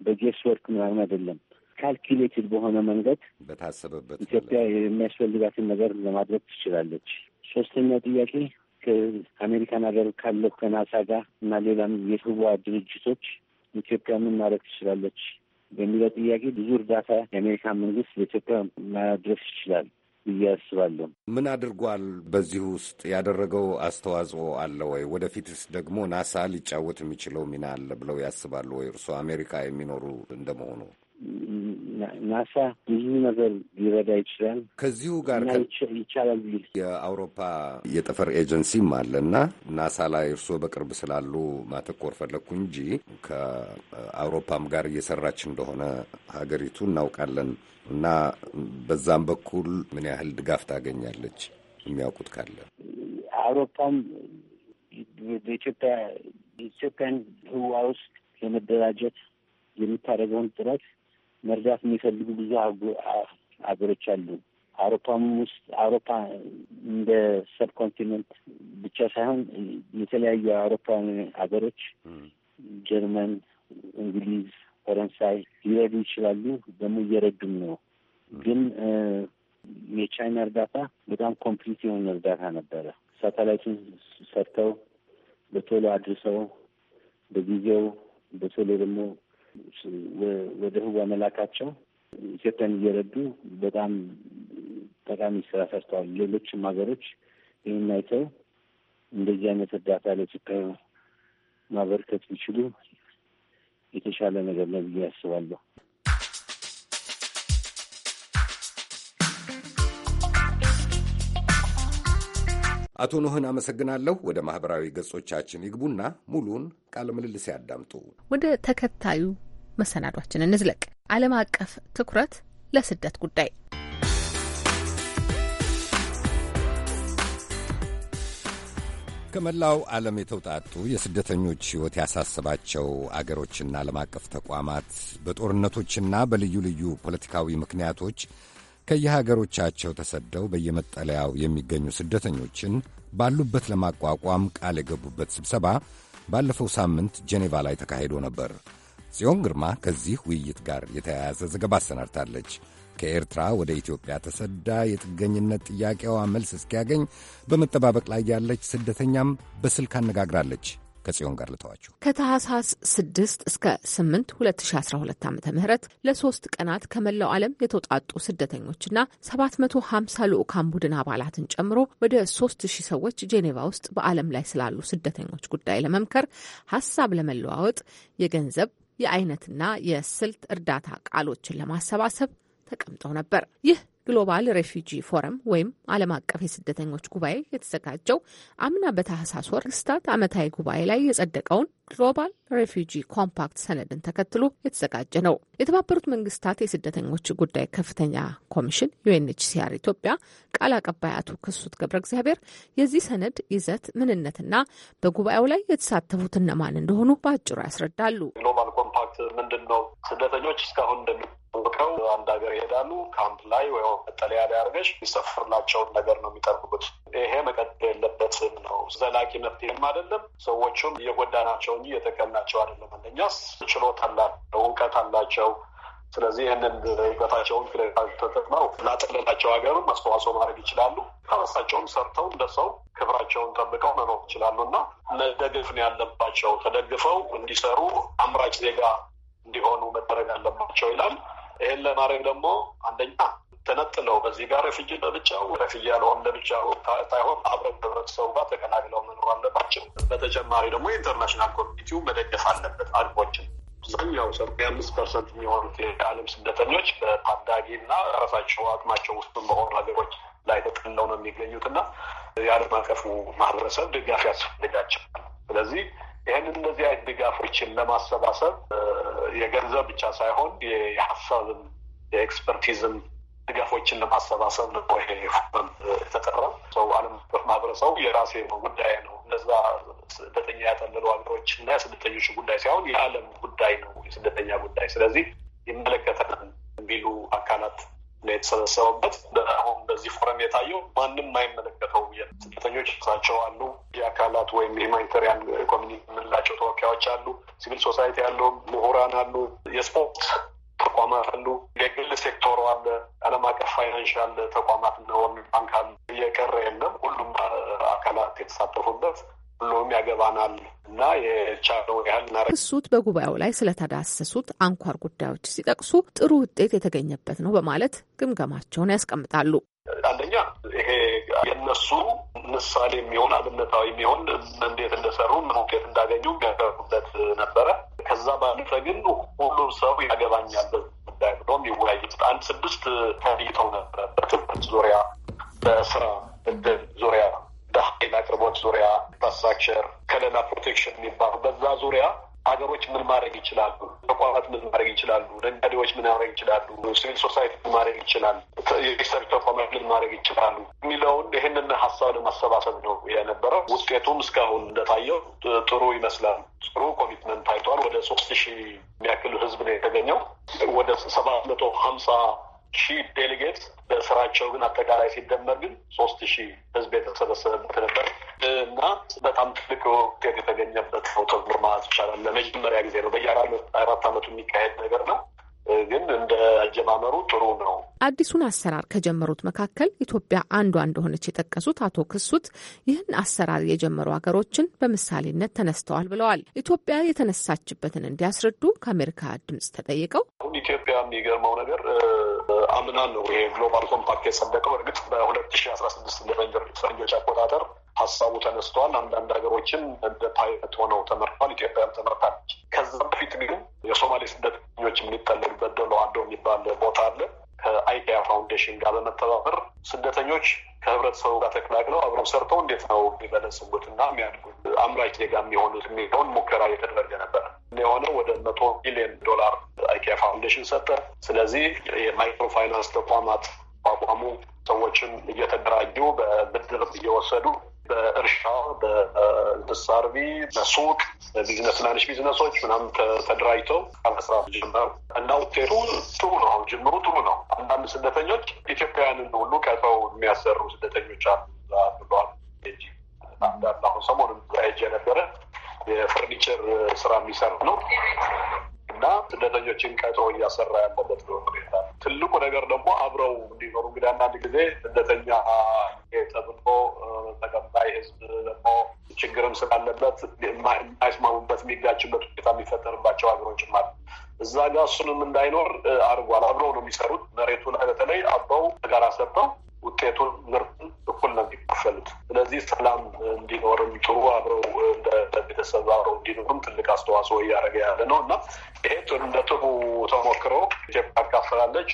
በጌስ ወርክ ምናምን አይደለም። ካልኪሌትድ በሆነ መንገድ በታሰበበት ኢትዮጵያ የሚያስፈልጋትን ነገር ለማድረግ ትችላለች። ሶስተኛው ጥያቄ ከአሜሪካን ሀገር ካለው ከናሳ ጋር እና ሌላም የህዋ ድርጅቶች ኢትዮጵያ ምን ማድረግ ትችላለች በሚለው ጥያቄ ብዙ እርዳታ የአሜሪካን መንግስት ለኢትዮጵያ ማድረስ ይችላል። ብዬ አስባለሁ። ምን አድርጓል? በዚህ ውስጥ ያደረገው አስተዋጽኦ አለ ወይ? ወደፊትስ ደግሞ ናሳ ሊጫወት የሚችለው ሚና አለ ብለው ያስባሉ ወይ? እርስዎ አሜሪካ የሚኖሩ እንደመሆኑ ናሳ ብዙ ነገር ሊረዳ ይችላል። ከዚሁ ጋር ይቻላል። የአውሮፓ የጠፈር ኤጀንሲም አለ እና ናሳ ላይ እርስዎ በቅርብ ስላሉ ማተኮር ፈለግኩ እንጂ ከአውሮፓም ጋር እየሰራች እንደሆነ ሀገሪቱ እናውቃለን። እና በዛም በኩል ምን ያህል ድጋፍ ታገኛለች? የሚያውቁት ካለ አውሮፓም በኢትዮጵያ ኢትዮጵያን ህዋ ውስጥ ለመደራጀት የምታደርገውን ጥረት መርዳት የሚፈልጉ ብዙ ሀገሮች አሉ። አውሮፓም ውስጥ አውሮፓ እንደ ሰብኮንቲኔንት ብቻ ሳይሆን የተለያዩ የአውሮፓ ሀገሮች ጀርመን፣ እንግሊዝ፣ ፈረንሳይ ሊረዱ ይችላሉ። ደግሞ እየረዱም ነው። ግን የቻይና እርዳታ በጣም ኮምፕሊት የሆነ እርዳታ ነበረ። ሳተላይቱን ሰርተው በቶሎ አድርሰው በጊዜው በቶሎ ደግሞ ወደ ህዋ መላካቸው ኢትዮጵያን እየረዱ በጣም ጠቃሚ ስራ ሰርተዋል። ሌሎችም ሀገሮች ይህን አይተው እንደዚህ አይነት እርዳታ ለኢትዮጵያ ማበርከት ቢችሉ የተሻለ ነገር ነው ብዬ ያስባለሁ። አቶ ኖህን አመሰግናለሁ። ወደ ማህበራዊ ገጾቻችን ይግቡና ሙሉን ቃለ ምልልስ ያዳምጡ። ወደ ተከታዩ መሰናዷችን እንዝለቅ። ዓለም አቀፍ ትኩረት ለስደት ጉዳይ ከመላው ዓለም የተውጣጡ የስደተኞች ሕይወት ያሳሰባቸው አገሮችና ዓለም አቀፍ ተቋማት በጦርነቶችና በልዩ ልዩ ፖለቲካዊ ምክንያቶች ከየሀገሮቻቸው ተሰደው በየመጠለያው የሚገኙ ስደተኞችን ባሉበት ለማቋቋም ቃል የገቡበት ስብሰባ ባለፈው ሳምንት ጄኔቫ ላይ ተካሂዶ ነበር። ጽዮን ግርማ ከዚህ ውይይት ጋር የተያያዘ ዘገባ አሰናድታለች። ከኤርትራ ወደ ኢትዮጵያ ተሰዳ የጥገኝነት ጥያቄዋ መልስ እስኪያገኝ በመጠባበቅ ላይ ያለች ስደተኛም በስልክ አነጋግራለች። ከጽዮን ጋር ልተዋችሁ። ከታህሳስ 6 እስከ 8 2012 ዓ ም ለሶስት ቀናት ከመላው ዓለም የተውጣጡ ስደተኞችና 750 ልዑካን ቡድን አባላትን ጨምሮ ወደ 3000 ሰዎች ጄኔቫ ውስጥ በዓለም ላይ ስላሉ ስደተኞች ጉዳይ ለመምከር፣ ሀሳብ ለመለዋወጥ፣ የገንዘብ የአይነትና የስልት እርዳታ ቃሎችን ለማሰባሰብ ተቀምጠው ነበር። ይህ ግሎባል ሬፊጂ ፎረም ወይም ዓለም አቀፍ የስደተኞች ጉባኤ የተዘጋጀው አምና በታህሳስ ወር መንግስታት ዓመታዊ ጉባኤ ላይ የጸደቀውን ግሎባል ሬፊጂ ኮምፓክት ሰነድን ተከትሎ የተዘጋጀ ነው። የተባበሩት መንግስታት የስደተኞች ጉዳይ ከፍተኛ ኮሚሽን ዩኤንኤችሲአር ኢትዮጵያ ቃል አቀባይ አቶ ክሱት ገብረ እግዚአብሔር የዚህ ሰነድ ይዘት ምንነትና በጉባኤው ላይ የተሳተፉት እነማን እንደሆኑ በአጭሩ ያስረዳሉ። ግሎባል ኮምፓክት ምንድን ነው? ስደተኞች እስካሁን እንደሚ ጠብቀው አንድ ሀገር ይሄዳሉ። ካምፕ ላይ ወይ መጠለያ ላይ አድርገሽ የሚሰፍርላቸውን ነገር ነው የሚጠብቁት። ይሄ መቀጠል የለበትም ነው። ዘላቂ መፍትሄም አይደለም። ሰዎቹም እየጎዳናቸው እንጂ እየጠቀምናቸው አይደለም። አንደኛስ ችሎታ አላቸው፣ እውቀት አላቸው። ስለዚህ ይህንን እውቀታቸውን ተጠቅመው ላጠለላቸው ሀገርም አስተዋጽኦ ማድረግ ይችላሉ። ከራሳቸውም ሰርተው እንደ ሰው ክብራቸውን ጠብቀው መኖር ይችላሉ እና መደግፍ ነው ያለባቸው። ተደግፈው እንዲሰሩ አምራች ዜጋ እንዲሆኑ መደረግ አለባቸው ይላል። ይህን ለማድረግ ደግሞ አንደኛ ተነጥለው በዚህ ጋር ረፍጅ ለብቻው ረፊ ያልሆን ለብቻው ሳይሆን አብረን ህብረተሰቡ ጋር ተቀላቅለው መኖር አለባቸው። በተጨማሪ ደግሞ የኢንተርናሽናል ኮሚኒቲው መደገፍ አለበት አልፎችን አብዛኛው ሰባ አምስት ፐርሰንት የሚሆኑት የዓለም ስደተኞች በታዳጊ እና ራሳቸው አቅማቸው ውስጥ በሆኑ ሀገሮች ላይ ተጠለው ነው የሚገኙት እና የዓለም አቀፉ ማህበረሰብ ድጋፍ ያስፈልጋቸዋል። ስለዚህ ይህን እነዚህ አይነት ድጋፎችን ለማሰባሰብ የገንዘብ ብቻ ሳይሆን የሀሳብም የኤክስፐርቲዝም ድጋፎችን ለማሰባሰብ ነው ይሄ ፎረም የተጠራው። ሰው ዓለም አቀፍ ማህበረሰቡ የራሴ ጉዳይ ነው እነዛ ስደተኛ ያጠለሉ ሀገሮች እና የስደተኞች ጉዳይ ሳይሆን የዓለም ጉዳይ ነው የስደተኛ ጉዳይ። ስለዚህ ይመለከተናል የሚሉ አካላት የተሰበሰበበት አሁን በዚህ ፎረም የታየው ማንም የማይመለከተው ስደተኞች እሳቸው አሉ፣ የአካላት ወይም የሁማኒታሪያን ኮሚኒቲ የምንላቸው ተወካዮች አሉ፣ ሲቪል ሶሳይቲ ያለው ምሁራን አሉ፣ የስፖርት ተቋማት አሉ፣ የግል ሴክተሩ አለ፣ ዓለም አቀፍ ፋይናንሻል ተቋማት እና ወርልድ ባንክ አሉ። እየቀረ የለም። ሁሉም አካላት የተሳተፉበት ሁሉም ያገባናል እና የቻለው ያህል ና ክሱት በጉባኤው ላይ ስለተዳሰሱት አንኳር ጉዳዮች ሲጠቅሱ ጥሩ ውጤት የተገኘበት ነው በማለት ግምገማቸውን ያስቀምጣሉ። አንደኛ ይሄ የነሱ ምሳሌ የሚሆን አብነታዊ የሚሆን እንዴት እንደሰሩ ምን ውጤት እንዳገኙ የሚያቀርቡበት ነበረ። ከዛ ባለፈ ግን ሁሉም ሰው ያገባኛል ጉዳይ ብሎ የሚወያዩት አንድ ስድስት ተይተው ነበረ በትምህርት ዙሪያ በስራ እድል ዙሪያ ጥቅሞች ዙሪያ ኢንፍራስትራክቸር፣ ከለላ፣ ፕሮቴክሽን የሚባሉ በዛ ዙሪያ ሀገሮች ምን ማድረግ ይችላሉ? ተቋማት ምን ማድረግ ይችላሉ? ነጋዴዎች ምን ማድረግ ይችላሉ? ሲቪል ሶሳይቲ ምን ማድረግ ይችላል? የሪሰርች ተቋማት ምን ማድረግ ይችላሉ? የሚለውን ይህንን ሀሳብ ለማሰባሰብ ነው የነበረው። ውጤቱም እስካሁን እንደታየው ጥሩ ይመስላል። ጥሩ ኮሚትመንት ታይቷል። ወደ ሶስት ሺህ የሚያክል ህዝብ ነው የተገኘው። ወደ ሰባት መቶ ሀምሳ ሺህ ዴሊጌት በስራቸው ግን አጠቃላይ ሲደመር ግን ሶስት ሺህ ህዝብ የተሰበሰበበት ነበር እና በጣም ትልቅ ውጤት የተገኘበት ነው ተብሎ ማለት ይቻላል። ለመጀመሪያ ጊዜ ነው። በየአራት አመቱ የሚካሄድ ነገር ነው። ግን እንደ አጀማመሩ ጥሩ ነው። አዲሱን አሰራር ከጀመሩት መካከል ኢትዮጵያ አንዷ እንደሆነች የጠቀሱት አቶ ክሱት ይህን አሰራር የጀመሩ ሀገሮችን በምሳሌነት ተነስተዋል ብለዋል። ኢትዮጵያ የተነሳችበትን እንዲያስረዱ ከአሜሪካ ድምጽ ተጠይቀው አሁን ኢትዮጵያ የሚገርመው ነገር አምና ነው ይሄ ግሎባል ኮምፓክት የጸደቀው። እርግጥ በሁለት ሺ አስራ ስድስት እንደ ፈረንጆች አቆጣጠር ሀሳቡ ተነስቷል። አንዳንድ ሀገሮችም እንደ ፓይለት ሆነው ተመርቷል። ኢትዮጵያም ተመርታለች። ከዛ በፊት ግን የሶማሌ ስደተኞች የሚጠለሉበት ደሎ አዶ የሚባል ቦታ አለ። ከአይኪያ ፋውንዴሽን ጋር በመተባበር ስደተኞች ከህብረተሰቡ ጋር ተቀላቅለው አብረው ሰርተው እንዴት ነው የሚበለጽጉት እና የሚያድጉት አምራች ዜጋ የሚሆኑት የሚለውን ሙከራ እየተደረገ ነበረ። የሆነ ወደ መቶ ሚሊዮን ዶላር አይኪያ ፋውንዴሽን ሰጠ። ስለዚህ የማይክሮ ፋይናንስ ተቋማት አቋሙ ሰዎችም እየተደራጁ በብድር እየወሰዱ በእርሻ፣ በእንስሳ እርቢ፣ በሱቅ፣ በቢዝነስ ትናንሽ ቢዝነሶች ምናምን ተደራጅተው መስራት ጀመሩ እና ውጤቱ ጥሩ ነው። አሁን ጅምሩ ጥሩ ነው። አንዳንድ ስደተኞች ኢትዮጵያውያንን ሁሉ ቀጥረው የሚያሰሩ ስደተኞች አሉ ብለዋል። አንዳንድ አሁን ሰሞኑን ሄጄ ነበረ የፈርኒቸር ስራ የሚሰራ ነው እና ስደተኞችን ቀጥሮ እያሰራ ያለበት ሁኔታ ትልቁ ነገር ደግሞ አብረው እንዲኖሩ እንግዲህ አንዳንድ ጊዜ ስደተኛ ተብሎ ተቀባይ ህዝብ ደግሞ ችግርም ስላለበት የማይስማሙበት የሚጋጭበት ሁኔታ የሚፈጠርባቸው ሀገሮች አሉ። እዛ ጋር እሱንም እንዳይኖር አድርጓል። አብረው ነው የሚሰሩት መሬቱ ላይ በተለይ አብረው ጋራ ሰርተው ውጤቱን ምርትን እኩል ነው የሚከፈሉት። ስለዚህ ሰላም እንዲኖርም ጥሩ አብረው እንደ ቤተሰብ አብረው እንዲኖርም ትልቅ አስተዋጽኦ እያደረገ ያለ ነው እና ይሄ እንደ ጥሩ ተሞክሮ ኢትዮጵያ ካፈላለች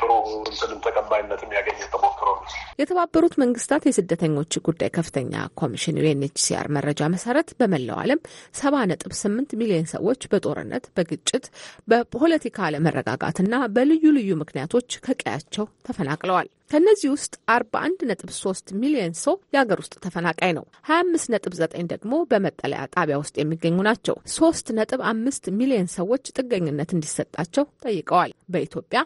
ጥሩ እንትንም ተቀባይነት ያገኘ ተሞክሮ ነው። የተባበሩት መንግስታት የስደተኞች ጉዳይ ከፍተኛ ኮሚሽን ዩኤንኤችሲአር መረጃ መሰረት በመላው ዓለም ሰባ ነጥብ ስምንት ሚሊዮን ሰዎች በጦርነት፣ በግጭት፣ በፖለቲካ አለመረጋጋትና በልዩ ልዩ ምክንያቶች ከቀያቸው ተፈናቅለዋል። ከእነዚህ ውስጥ 41.3 ሚሊዮን ሰው የአገር ውስጥ ተፈናቃይ ነው። 25.9 ደግሞ በመጠለያ ጣቢያ ውስጥ የሚገኙ ናቸው። 3.5 ሚሊዮን ሰዎች ጥገኝነት እንዲሰጣቸው ጠይቀዋል። በኢትዮጵያ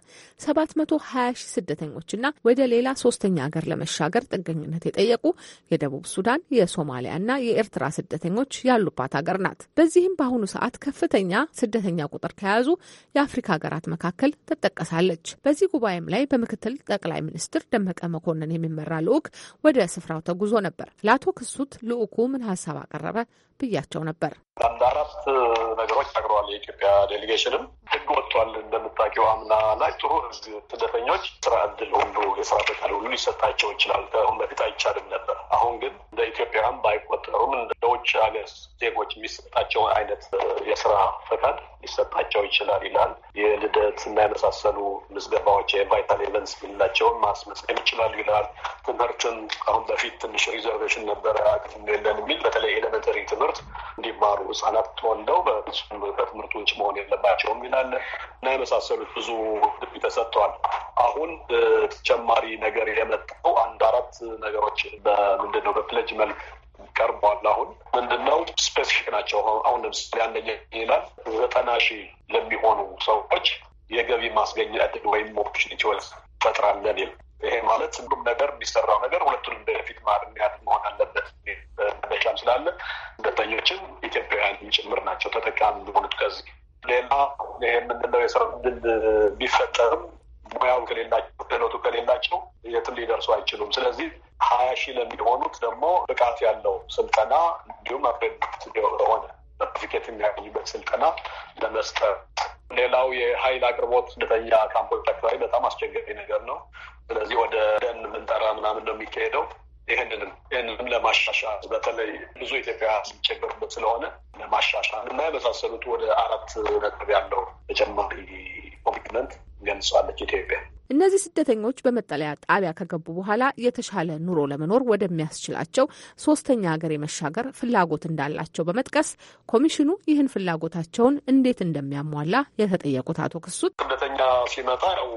720 ሺህ ስደተኞችና ወደ ሌላ ሶስተኛ ሀገር ለመሻገር ጥገኝነት የጠየቁ የደቡብ ሱዳን፣ የሶማሊያና የኤርትራ ስደተኞች ያሉባት ሀገር ናት። በዚህም በአሁኑ ሰዓት ከፍተኛ ስደተኛ ቁጥር ከያዙ የአፍሪካ ሀገራት መካከል ትጠቀሳለች። በዚህ ጉባኤም ላይ በምክትል ጠቅላይ ሚኒስትር ሚኒስትር ደመቀ መኮንን የሚመራ ልዑክ ወደ ስፍራው ተጉዞ ነበር። ለአቶ ክሱት ልዑኩ ምን ሀሳብ አቀረበ ብያቸው ነበር። አንድ አራት ነገሮች ታቅረዋል። የኢትዮጵያ ዴሊጌሽንም ህግ ወጥቷል እንደምታውቂው አምና ላይ ጥሩ ህዝብ ስደተኞች ስራ እድል ሁሉ የስራ ፈቃድ ሁሉ ሊሰጣቸው ይችላል። ከአሁን በፊት አይቻልም ነበር። አሁን ግን እንደ ኢትዮጵያውያን ባይቆጠሩም እንደ ውጭ ሀገር ዜጎች የሚሰጣቸው አይነት የስራ ፈቃድ ሊሰጣቸው ይችላል ይላል። የልደት እና የመሳሰሉ ምዝገባዎች የቫይታል ኤቨንስ የምንላቸውን ማስመዝገብ ይችላሉ ይላል። ትምህርትን አሁን በፊት ትንሽ ሪዘርቬሽን ነበረ፣ አቅም የለን የሚል በተለይ ኤሌመንተሪ ትምህርት እንዲማሩ ህጻናት ተወልደው በትምህርት ውጭ መሆን የለባቸውም ይላል እና የመሳሰሉት ብዙ ግቢ ተሰጥተዋል። አሁን ተጨማሪ ነገር የመጣው አንድ አራት ነገሮች በምንድን ነው በፕለጅ መልክ ቀርቧል። አሁን ምንድነው ስፔሲፊክ ናቸው። አሁን ለምሳሌ አንደኛ ይላል ዘጠና ሺህ ለሚሆኑ ሰዎች የገቢ ማስገኛ እድል ወይም ኦፖርቹኒቲ ፈጥራለን ይላል። ይሄ ማለት ሁሉም ነገር የሚሰራው ነገር ሁለቱንም በፊት ማርሚያት መሆን አለበት መሻም ስላለ ስደተኞችም ኢትዮጵያውያን ጭምር ናቸው ተጠቃሚ የሆኑት። ከዚህ ሌላ ይሄ የምንለው የስራ ድል ቢፈጠርም ሙያው ከሌላቸው ክህሎቱ ከሌላቸው የትም ሊደርሱ አይችሉም። ስለዚህ ሀያ ሺህ ለሚሆኑት ደግሞ ብቃት ያለው ስልጠና እንዲሁም አክሬዲት ሆነ ሰርቲፊኬት የሚያገኙበት ስልጠና ለመስጠት ሌላው የሀይል አቅርቦት ስደተኛ ካምፖች አካባቢ በጣም አስቸጋሪ ነገር ነው። ስለዚህ ወደ ደን ምንጠራ ምናምን ነው የሚካሄደው። ይህንንም ይህንንም ለማሻሻል በተለይ ብዙ ኢትዮጵያ የሚቸገሩበት ስለሆነ ለማሻሻል እና የመሳሰሉት ወደ አራት ነጥብ ያለው ተጨማሪ ኮሚትመንት ገልጻለች ኢትዮጵያ። እነዚህ ስደተኞች በመጠለያ ጣቢያ ከገቡ በኋላ የተሻለ ኑሮ ለመኖር ወደሚያስችላቸው ሶስተኛ ሀገር የመሻገር ፍላጎት እንዳላቸው በመጥቀስ ኮሚሽኑ ይህን ፍላጎታቸውን እንዴት እንደሚያሟላ የተጠየቁት አቶ ክሱት ስደተኛ ሲመጣ ያው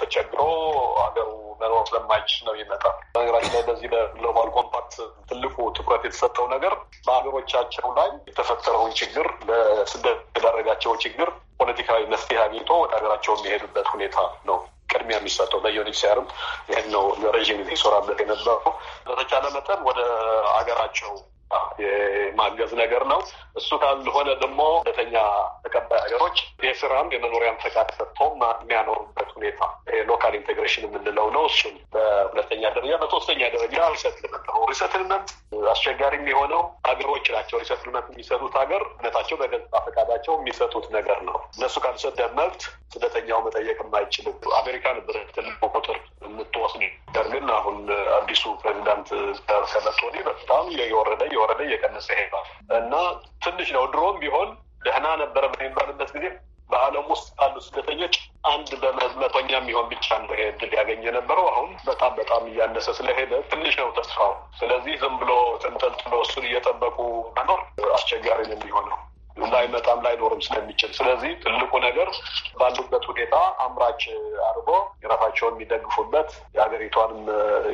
ተቸግሮ ሀገሩ መኖር ስለማይችል ነው ይመጣ። በነገራችን ላይ በዚህ በግሎባል ኮምፓክት ትልቁ ትኩረት የተሰጠው ነገር በሀገሮቻቸው ላይ የተፈጠረውን ችግር ለስደት የዳረጋቸው ችግር ፖለቲካዊ መፍትሄ አግኝቶ ወደ ሀገራቸው የሚሄዱበት ሁኔታ ነው። ቅድሚያ የሚሰጠው በዩኒክሲያርም ይህን ነው ለረዥም ጊዜ ይሰራበት የነበረው በተቻለ መጠን ወደ አገራቸው የማገዝ ነገር ነው። እሱ ካልሆነ ደግሞ ስደተኛ ተቀባይ ሀገሮች የስራም የመኖሪያም ፈቃድ ሰጥቶ የሚያኖሩበት ሁኔታ ሎካል ኢንቴግሬሽን የምንለው ነው። እሱም በሁለተኛ ደረጃ፣ በሶስተኛ ደረጃ ሪሰትልመንት ነው። ሪሰትልመንት አስቸጋሪ የሚሆነው ሀገሮች ናቸው። ሪሰትልመንት የሚሰጡት ሀገር እነታቸው በገዛ ፈቃዳቸው የሚሰጡት ነገር ነው። እነሱ ካልሰደ መብት ስደተኛው መጠየቅ የማይችልም አሜሪካን ትልቁ ቁጥር የምትወስድ ነገር ግን አሁን አዲሱ ፕሬዚዳንት ከመጡ ወዲህ በጣም የወረደ የወረደ እየቀነሰ ሄዷል እና ትንሽ ነው። ድሮም ቢሆን ደህና ነበረ በሚባልበት ጊዜ በዓለም ውስጥ ካሉ ስደተኞች አንድ በመቶኛ የሚሆን ብቻ ነው ይሄ እድል ያገኘ የነበረው። አሁን በጣም በጣም እያነሰ ስለሄደ ትንሽ ነው ተስፋው። ስለዚህ ዝም ብሎ ተንጠልጥሎ እሱን እየጠበቁ መኖር አስቸጋሪ ነው የሚሆነው። ላይመጣም ላይኖርም ስለሚችል፣ ስለዚህ ትልቁ ነገር ባሉበት ሁኔታ አምራች አድርጎ የራሳቸውን የሚደግፉበት የሀገሪቷንም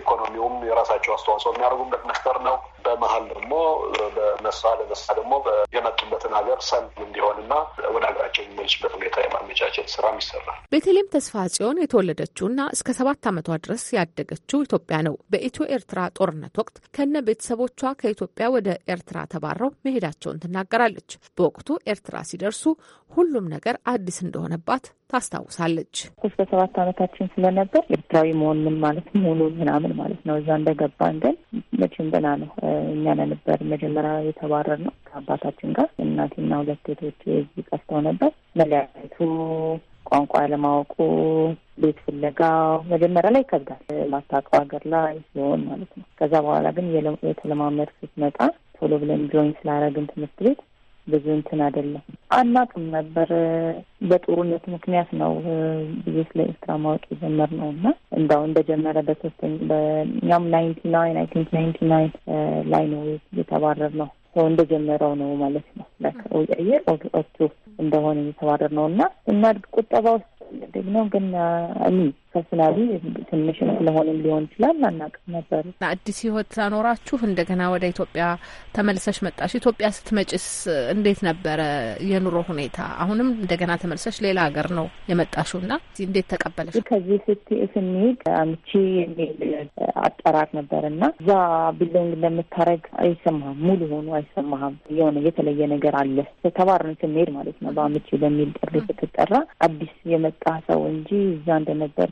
ኢኮኖሚውም የራሳቸው አስተዋጽኦ የሚያደርጉበት መፍጠር ነው። በመሀል ደግሞ በነሳ ለነሳ ደግሞ የመጡበትን ሀገር እንዲሆን እንዲሆንና ወደ ሀገራቸው የሚመልሱበት ሁኔታ የማመቻቸት ስራም ይሰራል። በተለይም ተስፋ ጽዮን የተወለደችውና እስከ ሰባት ዓመቷ ድረስ ያደገችው ኢትዮጵያ ነው። በኢትዮ ኤርትራ ጦርነት ወቅት ከነ ቤተሰቦቿ ከኢትዮጵያ ወደ ኤርትራ ተባረው መሄዳቸውን ትናገራለች። በወቅቱ ኤርትራ ሲደርሱ ሁሉም ነገር አዲስ እንደሆነባት ታስታውሳለች። እስከ ሰባት ዓመታችን ስለነበር ኤርትራዊ መሆን ማለት ሙሉ ምናምን ማለት ነው። እዛ እንደገባን ግን መቼም ገና ነው። እኛ ነበር መጀመሪያ የተባረር ነው ከአባታችን ጋር እናቴና ሁለት እህቶቼ እዚህ ቀስተው ነበር። መለያየቱ፣ ቋንቋ ለማወቁ ቤት ፍለጋው መጀመሪያ ላይ ይከብዳል። ማታውቀው ሀገር ላይ ሲሆን ማለት ነው። ከዛ በኋላ ግን የተለማመድ ስትመጣ ቶሎ ብለን ጆይን ስላረግን ትምህርት ቤት ብዙ እንትን አይደለም። አናውቅም ነበር። በጦርነት ምክንያት ነው ብዙ ስለ ኤርትራ ማወቅ የጀመር ነው እና እንዳው እንደጀመረ በሶስተኛ በእኛም ናይንቲ ናይን አይ ቲንክ ናይንቲ ናይን ላይ ነው የተባረር ነው ሰው እንደጀመረው ነው ማለት ነው። ቀየር ኦክቱ እንደሆነ የተባረር ነው እና እናድግ ቁጠባ ውስጥ ደግሞ ግን እኔ ፐርሰናሊ ትንሽም ስለሆንም ሊሆን ይችላል አናውቅም ነበር። አዲስ ህይወት አኖራችሁ እንደገና ወደ ኢትዮጵያ ተመልሰሽ መጣሽ። ኢትዮጵያ ስትመጭስ እንዴት ነበረ የኑሮ ሁኔታ? አሁንም እንደገና ተመልሰሽ ሌላ ሀገር ነው የመጣሽው እና እንዴት ተቀበለሽ? ከዚህ ስት ስንሄድ አምቺ የሚል አጠራር ነበር እና እዛ ቢሎንግ እንደምታረግ አይሰማህም፣ ሙሉ ሆኑ አይሰማህም። የሆነ የተለየ ነገር አለ ተባርን ስንሄድ ማለት ነው። በአምቺ በሚል ጥሪ ስትጠራ አዲስ የመጣ ሰው እንጂ እዛ እንደነበር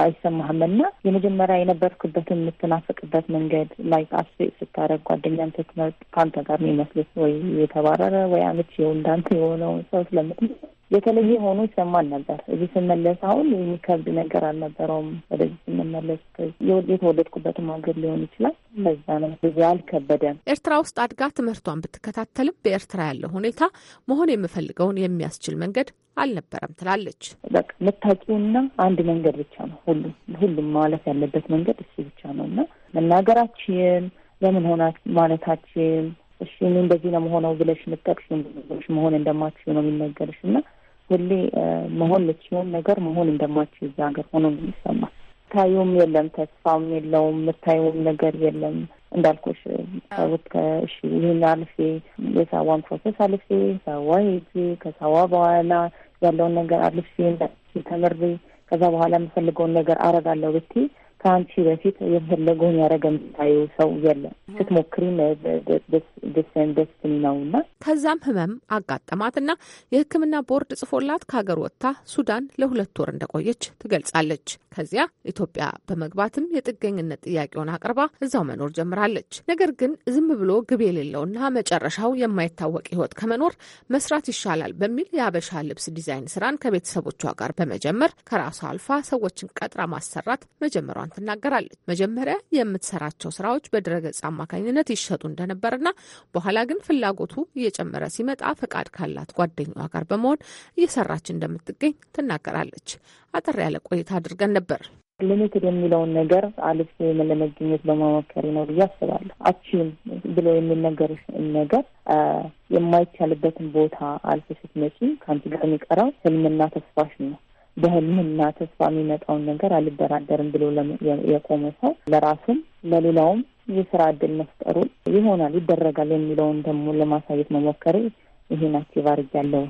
አይሰማህም እና የመጀመሪያ የነበርክበትን የምትናፍቅበት መንገድ ላይ አስ ስታደረግ ጓደኛም ስትመርጥ ከአንተ ጋር የሚመስሉት ወይ የተባረረ ወይ አመች የው እንዳንተ የሆነውን ሰው ስለምትመርጥ የተለየ ሆኖ ይሰማል ነበር። እዚህ ስመለስ አሁን የሚከብድ ነገር አልነበረውም። ወደዚህ ስንመለስ የተወለድኩበትን መንገድ ሊሆን ይችላል። ለዛ ነው ብዙ አልከበደም። ኤርትራ ውስጥ አድጋ ትምህርቷን ብትከታተልም በኤርትራ ያለው ሁኔታ መሆን የምፈልገውን የሚያስችል መንገድ አልነበረም ትላለች። በቃ የምታውቂውና አንድ መንገድ ብቻ ነው። ሁሉም ሁሉም ማለፍ ያለበት መንገድ እሱ ብቻ ነው እና መናገራችን ለምን ሆና ማለታችን እሺ እኔ እንደዚህ ነው መሆነው ብለሽ ምጠቅሽ መሆን እንደማትችሉ ነው የሚነገርሽ እና ሁሌ መሆን ልችሆን ነገር መሆን እንደማችው እዛ ሀገር ሆኖ ነው የሚሰማል። ታዩም የለም ተስፋም የለውም የምታየውም ነገር የለም። እንዳልኩሽ ሰውት ከእሺ ይህን አልፌ የሳዋን ፕሮሰስ አልፌ ሳዋ ሄጄ ከሳዋ በኋላ ያለውን ነገር አልፌ ተምሬ ከዛ በኋላ የምፈልገውን ነገር አረጋለሁ ብቴ ከአንቺ በፊት የፈለገውን ያደረገ የምታዩ ሰው የለም። ስትሞክሪም ደስ ነው እና ከዛም ህመም አጋጠማትና የህክምና ቦርድ ጽፎላት ከሀገር ወጥታ ሱዳን ለሁለት ወር እንደቆየች ትገልጻለች። ከዚያ ኢትዮጵያ በመግባትም የጥገኝነት ጥያቄውን አቅርባ እዛው መኖር ጀምራለች። ነገር ግን ዝም ብሎ ግብ የሌለውና መጨረሻው የማይታወቅ ህይወት ከመኖር መስራት ይሻላል በሚል የአበሻ ልብስ ዲዛይን ስራን ከቤተሰቦቿ ጋር በመጀመር ከራሷ አልፋ ሰዎችን ቀጥራ ማሰራት መጀመሯን ብርሃን ትናገራለች። መጀመሪያ የምትሰራቸው ስራዎች በድረገጽ አማካኝነት ይሸጡ እንደነበርና በኋላ ግን ፍላጎቱ እየጨመረ ሲመጣ ፈቃድ ካላት ጓደኛዋ ጋር በመሆን እየሰራች እንደምትገኝ ትናገራለች። አጠር ያለ ቆይታ አድርገን ነበር። ሊሚትድ የሚለውን ነገር አልፍ ለመገኘት በመሞከሪ ነው ብዬ አስባለሁ። አቺም ብሎ የሚነገር ነገር የማይቻልበትን ቦታ አልፍ ስትመጪ ከአንቺ ጋር የሚቀረው ህልምና ተስፋሽ ነው። በህልምና ተስፋ የሚመጣውን ነገር አልደራደርም ብሎ የቆመ ሰው ለራሱም ለሌላውም የስራ እድል መፍጠሩ ይሆናል ይደረጋል የሚለውን ደግሞ ለማሳየት መሞከሬ ይሄን አክቲቭ አድርጊያለሁ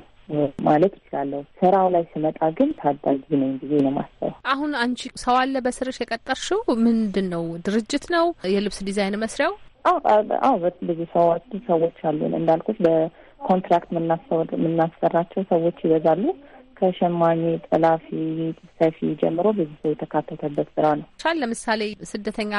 ማለት ይችላለሁ። ስራው ላይ ስመጣ ግን ታዳጊ ነኝ ጊዜ ነው የማስበው። አሁን አንቺ ሰው አለ በስርሽ የቀጠርሽው ምንድን ነው? ድርጅት ነው? የልብስ ዲዛይን መስሪያው? አዎ ብዙ ሰዎች ሰዎች አሉን እንዳልኩት በኮንትራክት የምናሰራቸው ሰዎች ይበዛሉ። ከሸማኝ፣ ጠላፊ፣ ሰፊ ጀምሮ ብዙ ሰው የተካተተበት ስራ ነው። ሻል ለምሳሌ ስደተኛ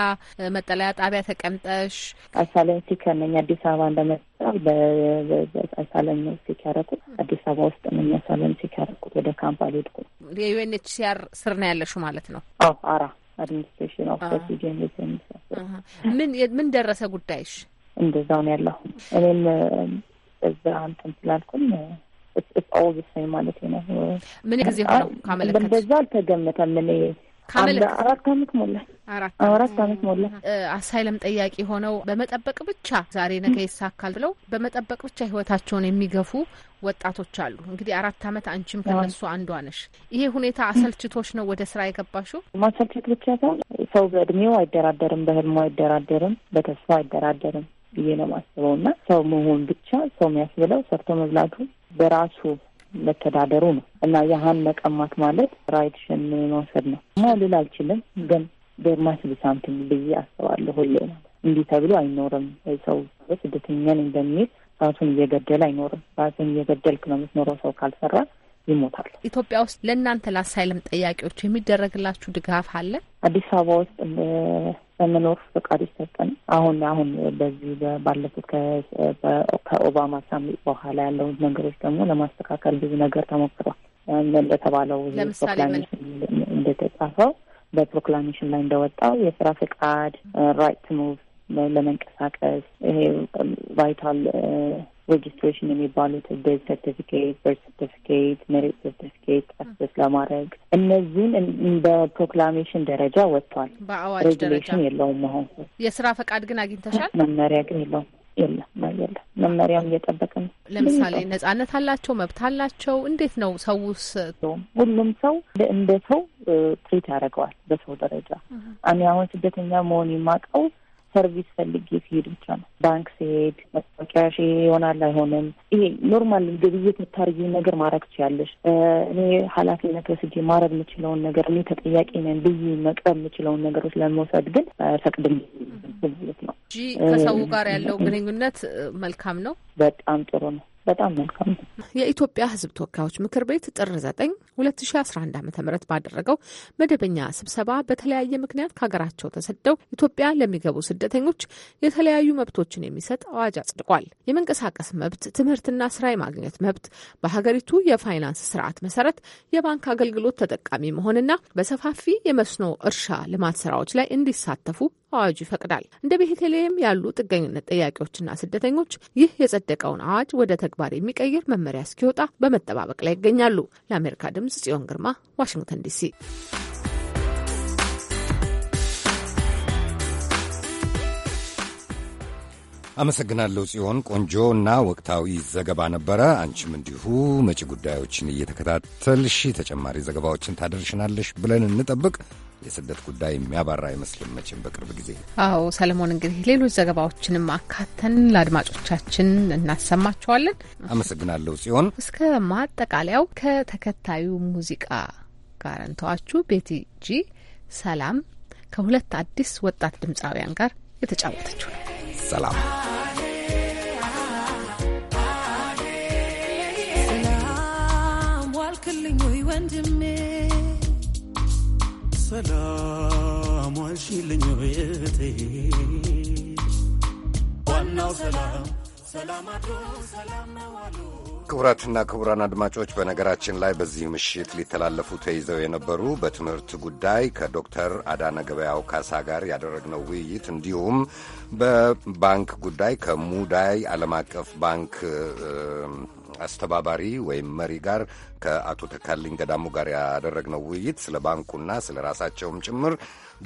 መጠለያ ጣቢያ ተቀምጠሽ አሳለኝ ሲከነኝ አዲስ አበባ እንደመጣ በአሳለኝ ነው ሲከረኩት አዲስ አበባ ውስጥ ነው የሚያሳለኝ ሲከረኩት ወደ ካምፕ አልሄድኩም። የዩኤንኤችሲአር ስር ነው ያለሹ ማለት ነው? አዎ አራ አድሚኒስትሬሽን ኦፍ ፕሮሲጀን ምን ምን ደረሰ ጉዳይሽ? እንደዛውን ነው ያለሁ እኔም እዛ እንትን ስላልኩኝ ማለት ነው። ምን ጊዜ ሆነው ካመለከት አልተገመተም። አራት አመት ሞላ አራት አመት ሞላ። አሳይለም ጠያቂ ሆነው በመጠበቅ ብቻ ዛሬ ነገ ይሳካል ብለው በመጠበቅ ብቻ ህይወታቸውን የሚገፉ ወጣቶች አሉ። እንግዲህ አራት አመት አንቺም ከነሱ አንዷ ነሽ። ይሄ ሁኔታ አሰልችቶች ነው ወደ ስራ የገባሽው? ማሰልችት ብቻ ሳይሆን ሰው በእድሜው አይደራደርም፣ በህልሙ አይደራደርም፣ በተስፋ አይደራደርም ብዬ ነው ማስበው እና ሰው መሆን ብቻ ሰው የሚያስብለው ሰርቶ መብላቱ በራሱ መተዳደሩ ነው እና ያህን መቀማት ማለት ራይትሽን መውሰድ ነው እና ልል አልችልም፣ ግን ደርማስ ብሳምትን ብዬ አስባለሁ። ሁሌ ነው እንዲህ ተብሎ አይኖርም። ሰው ስደተኛን እንደሚል ራሱን እየገደል አይኖርም። ራሱን እየገደልክ ነው የምትኖረው። ሰው ካልሰራ ይሞታል። ኢትዮጵያ ውስጥ ለእናንተ ለአሳይለም ጠያቂዎች የሚደረግላችሁ ድጋፍ አለ? አዲስ አበባ ውስጥ ለመኖር ፈቃድ ይሰጠን። አሁን አሁን በዚህ ባለፉት ከኦባማ ሳሚት በኋላ ያለውን ነገሮች ደግሞ ለማስተካከል ብዙ ነገር ተሞክሯል። እንደተባለው ፕሮክላሜሽን እንደተጻፈው በፕሮክላሜሽን ላይ እንደወጣው የስራ ፈቃድ ራይት ቱ ሙቭ ለመንቀሳቀስ ይሄ ቫይታል ሬጅስትሬሽን የሚባሉት ቤዝ ሰርቲፊኬት፣ በርዝ ሰርቲፊኬት፣ ሜሪት ሰርቲፊኬት አክሰስ ለማድረግ እነዚህን በፕሮክላሜሽን ደረጃ ወጥቷል። በአዋጅ ደረጃ የለውም። መሆን የስራ ፈቃድ ግን አግኝተሻል? መመሪያ ግን የለውም። የለም የለም። መመሪያም እየጠበቀ ነው። ለምሳሌ ነጻነት አላቸው፣ መብት አላቸው። እንዴት ነው ሰውስ? ሁሉም ሰው እንደ ሰው ትሪት ያደርገዋል በሰው ደረጃ። እኔ አሁን ስደተኛ መሆን የማውቀው ሰርቪስ ፈልጌ ሲሄድ ብቻ ነው። ባንክ ሲሄድ መታወቂያ ሺ ይሆናል አይሆንም። ይሄ ኖርማል ግብይት የምታደርጊው ነገር ማድረግ ትችያለሽ። እኔ ኃላፊነት ወስጄ ማድረግ የምችለውን ነገር እኔ ተጠያቂ ነን ብዬ መቅረብ የምችለውን ነገሮች ለመውሰድ ግን ፈቅድም ነው እንጂ ከሰው ጋር ያለው ግንኙነት መልካም ነው። በጣም ጥሩ ነው። በጣም መልካም ነው። የኢትዮጵያ ሕዝብ ተወካዮች ምክር ቤት ጥር 9 2011 ዓ ም ባደረገው መደበኛ ስብሰባ በተለያየ ምክንያት ከሀገራቸው ተሰደው ኢትዮጵያ ለሚገቡ ስደተኞች የተለያዩ መብቶችን የሚሰጥ አዋጅ አጽድቋል። የመንቀሳቀስ መብት፣ ትምህርትና ስራ የማግኘት መብት፣ በሀገሪቱ የፋይናንስ ስርዓት መሰረት የባንክ አገልግሎት ተጠቃሚ መሆንና በሰፋፊ የመስኖ እርሻ ልማት ስራዎች ላይ እንዲሳተፉ አዋጁ ይፈቅዳል። እንደ ቤተልሔም ያሉ ጥገኝነት ጠያቂዎችና ስደተኞች ይህ የጸደቀውን አዋጅ ወደ ተግባር የሚቀይር መመሪያ እስኪወጣ በመጠባበቅ ላይ ይገኛሉ። ለአሜሪካ ድምጽ ጽዮን ግርማ ዋሽንግተን ዲሲ። አመሰግናለሁ ጽዮን። ቆንጆ እና ወቅታዊ ዘገባ ነበረ። አንቺም እንዲሁ መጪ ጉዳዮችን እየተከታተልሽ ተጨማሪ ዘገባዎችን ታደርሽናለሽ ብለን እንጠብቅ። የስደት ጉዳይ የሚያባራ አይመስልም መቼም በቅርብ ጊዜ። አዎ ሰለሞን፣ እንግዲህ ሌሎች ዘገባዎችንም አካተን ለአድማጮቻችን እናሰማቸዋለን። አመሰግናለሁ ጽዮን። እስከ ማጠቃለያው ከተከታዩ ሙዚቃ ጋር እንተዋችሁ። ቤቲ ጂ ሰላም ከሁለት አዲስ ወጣት ድምፃውያን ጋር የተጫወተችው ነው። ሰላም ሰላም ወንድሜ ሰላም ዋልሽልኝ ወይ እቴ ዋናው ሰላም ሰላም አድሮ ሰላም ክቡራትና ክቡራን አድማጮች በነገራችን ላይ በዚህ ምሽት ሊተላለፉ ተይዘው የነበሩ በትምህርት ጉዳይ ከዶክተር አዳነ ገበያው ካሳ ጋር ያደረግነው ውይይት እንዲሁም በባንክ ጉዳይ ከሙዳይ ዓለም አቀፍ ባንክ አስተባባሪ ወይም መሪ ጋር ከአቶ ተካልኝ ገዳሙ ጋር ያደረግነው ውይይት ስለ ባንኩና ስለ ራሳቸውም ጭምር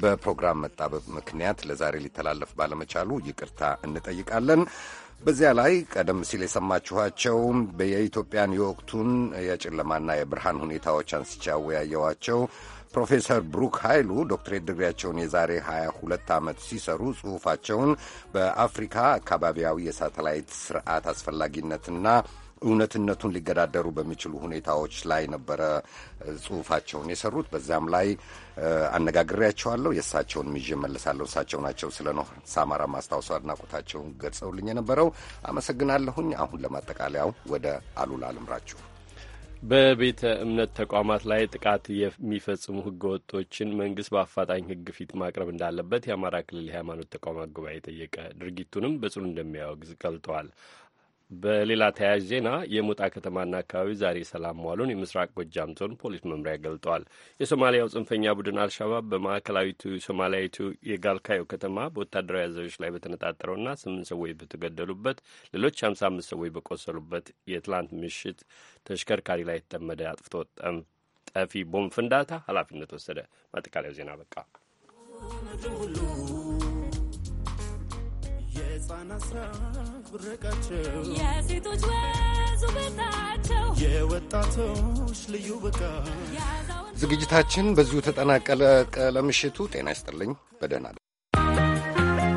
በፕሮግራም መጣበብ ምክንያት ለዛሬ ሊተላለፍ ባለመቻሉ ይቅርታ እንጠይቃለን። በዚያ ላይ ቀደም ሲል የሰማችኋቸው የኢትዮጵያን የወቅቱን የጨለማና የብርሃን ሁኔታዎች አንስቼ ያወያየኋቸው ፕሮፌሰር ብሩክ ኃይሉ ዶክትሬት ድግሪያቸውን የዛሬ 22 ዓመት ሲሰሩ ጽሑፋቸውን በአፍሪካ አካባቢያዊ የሳተላይት ስርዓት አስፈላጊነትና እውነትነቱን ሊገዳደሩ በሚችሉ ሁኔታዎች ላይ ነበረ ጽሁፋቸውን የሰሩት። በዚያም ላይ አነጋግሬያቸዋለሁ። የእሳቸውን ይዤ መለሳለሁ። እሳቸው ናቸው ስለ ኖህ ሳማራ ማስታወሱ አድናቆታቸውን ገልጸውልኝ የነበረው። አመሰግናለሁኝ። አሁን ለማጠቃለያው ወደ አሉላ ልምራችሁ። በቤተ እምነት ተቋማት ላይ ጥቃት የሚፈጽሙ ህገ ወጦችን መንግስት በአፋጣኝ ህግ ፊት ማቅረብ እንዳለበት የአማራ ክልል የሃይማኖት ተቋማት ጉባኤ ጠየቀ። ድርጊቱንም በጽኑ እንደሚያወግዝ ገልጠዋል። በሌላ ተያያዥ ዜና የሞጣ ከተማና አካባቢ ዛሬ ሰላም መዋሉን የምስራቅ ጎጃም ዞን ፖሊስ መምሪያ ገልጠዋል። የሶማሊያው ጽንፈኛ ቡድን አልሻባብ በማዕከላዊቱ ሶማሊያዊቱ የጋልካዮ ከተማ በወታደራዊ አዛዦች ላይ በተነጣጠረውና ስምንት ሰዎች በተገደሉበት ሌሎች ሀምሳ አምስት ሰዎች በቆሰሉበት የትላንት ምሽት ተሽከርካሪ ላይ የተጠመደ አጥፍቶ ጠፊ ቦምብ ፍንዳታ ኃላፊነት ወሰደ። ማጠቃለያው ዜና በቃ የሕፃናት ሳቅ ብረቃቸው የሴቶች ወዙ በታቸው የወጣቶች ልዩ በቃ ዝግጅታችን በዚሁ ተጠናቀለ። ቀለምሽቱ ጤና ይስጥልኝ በደህና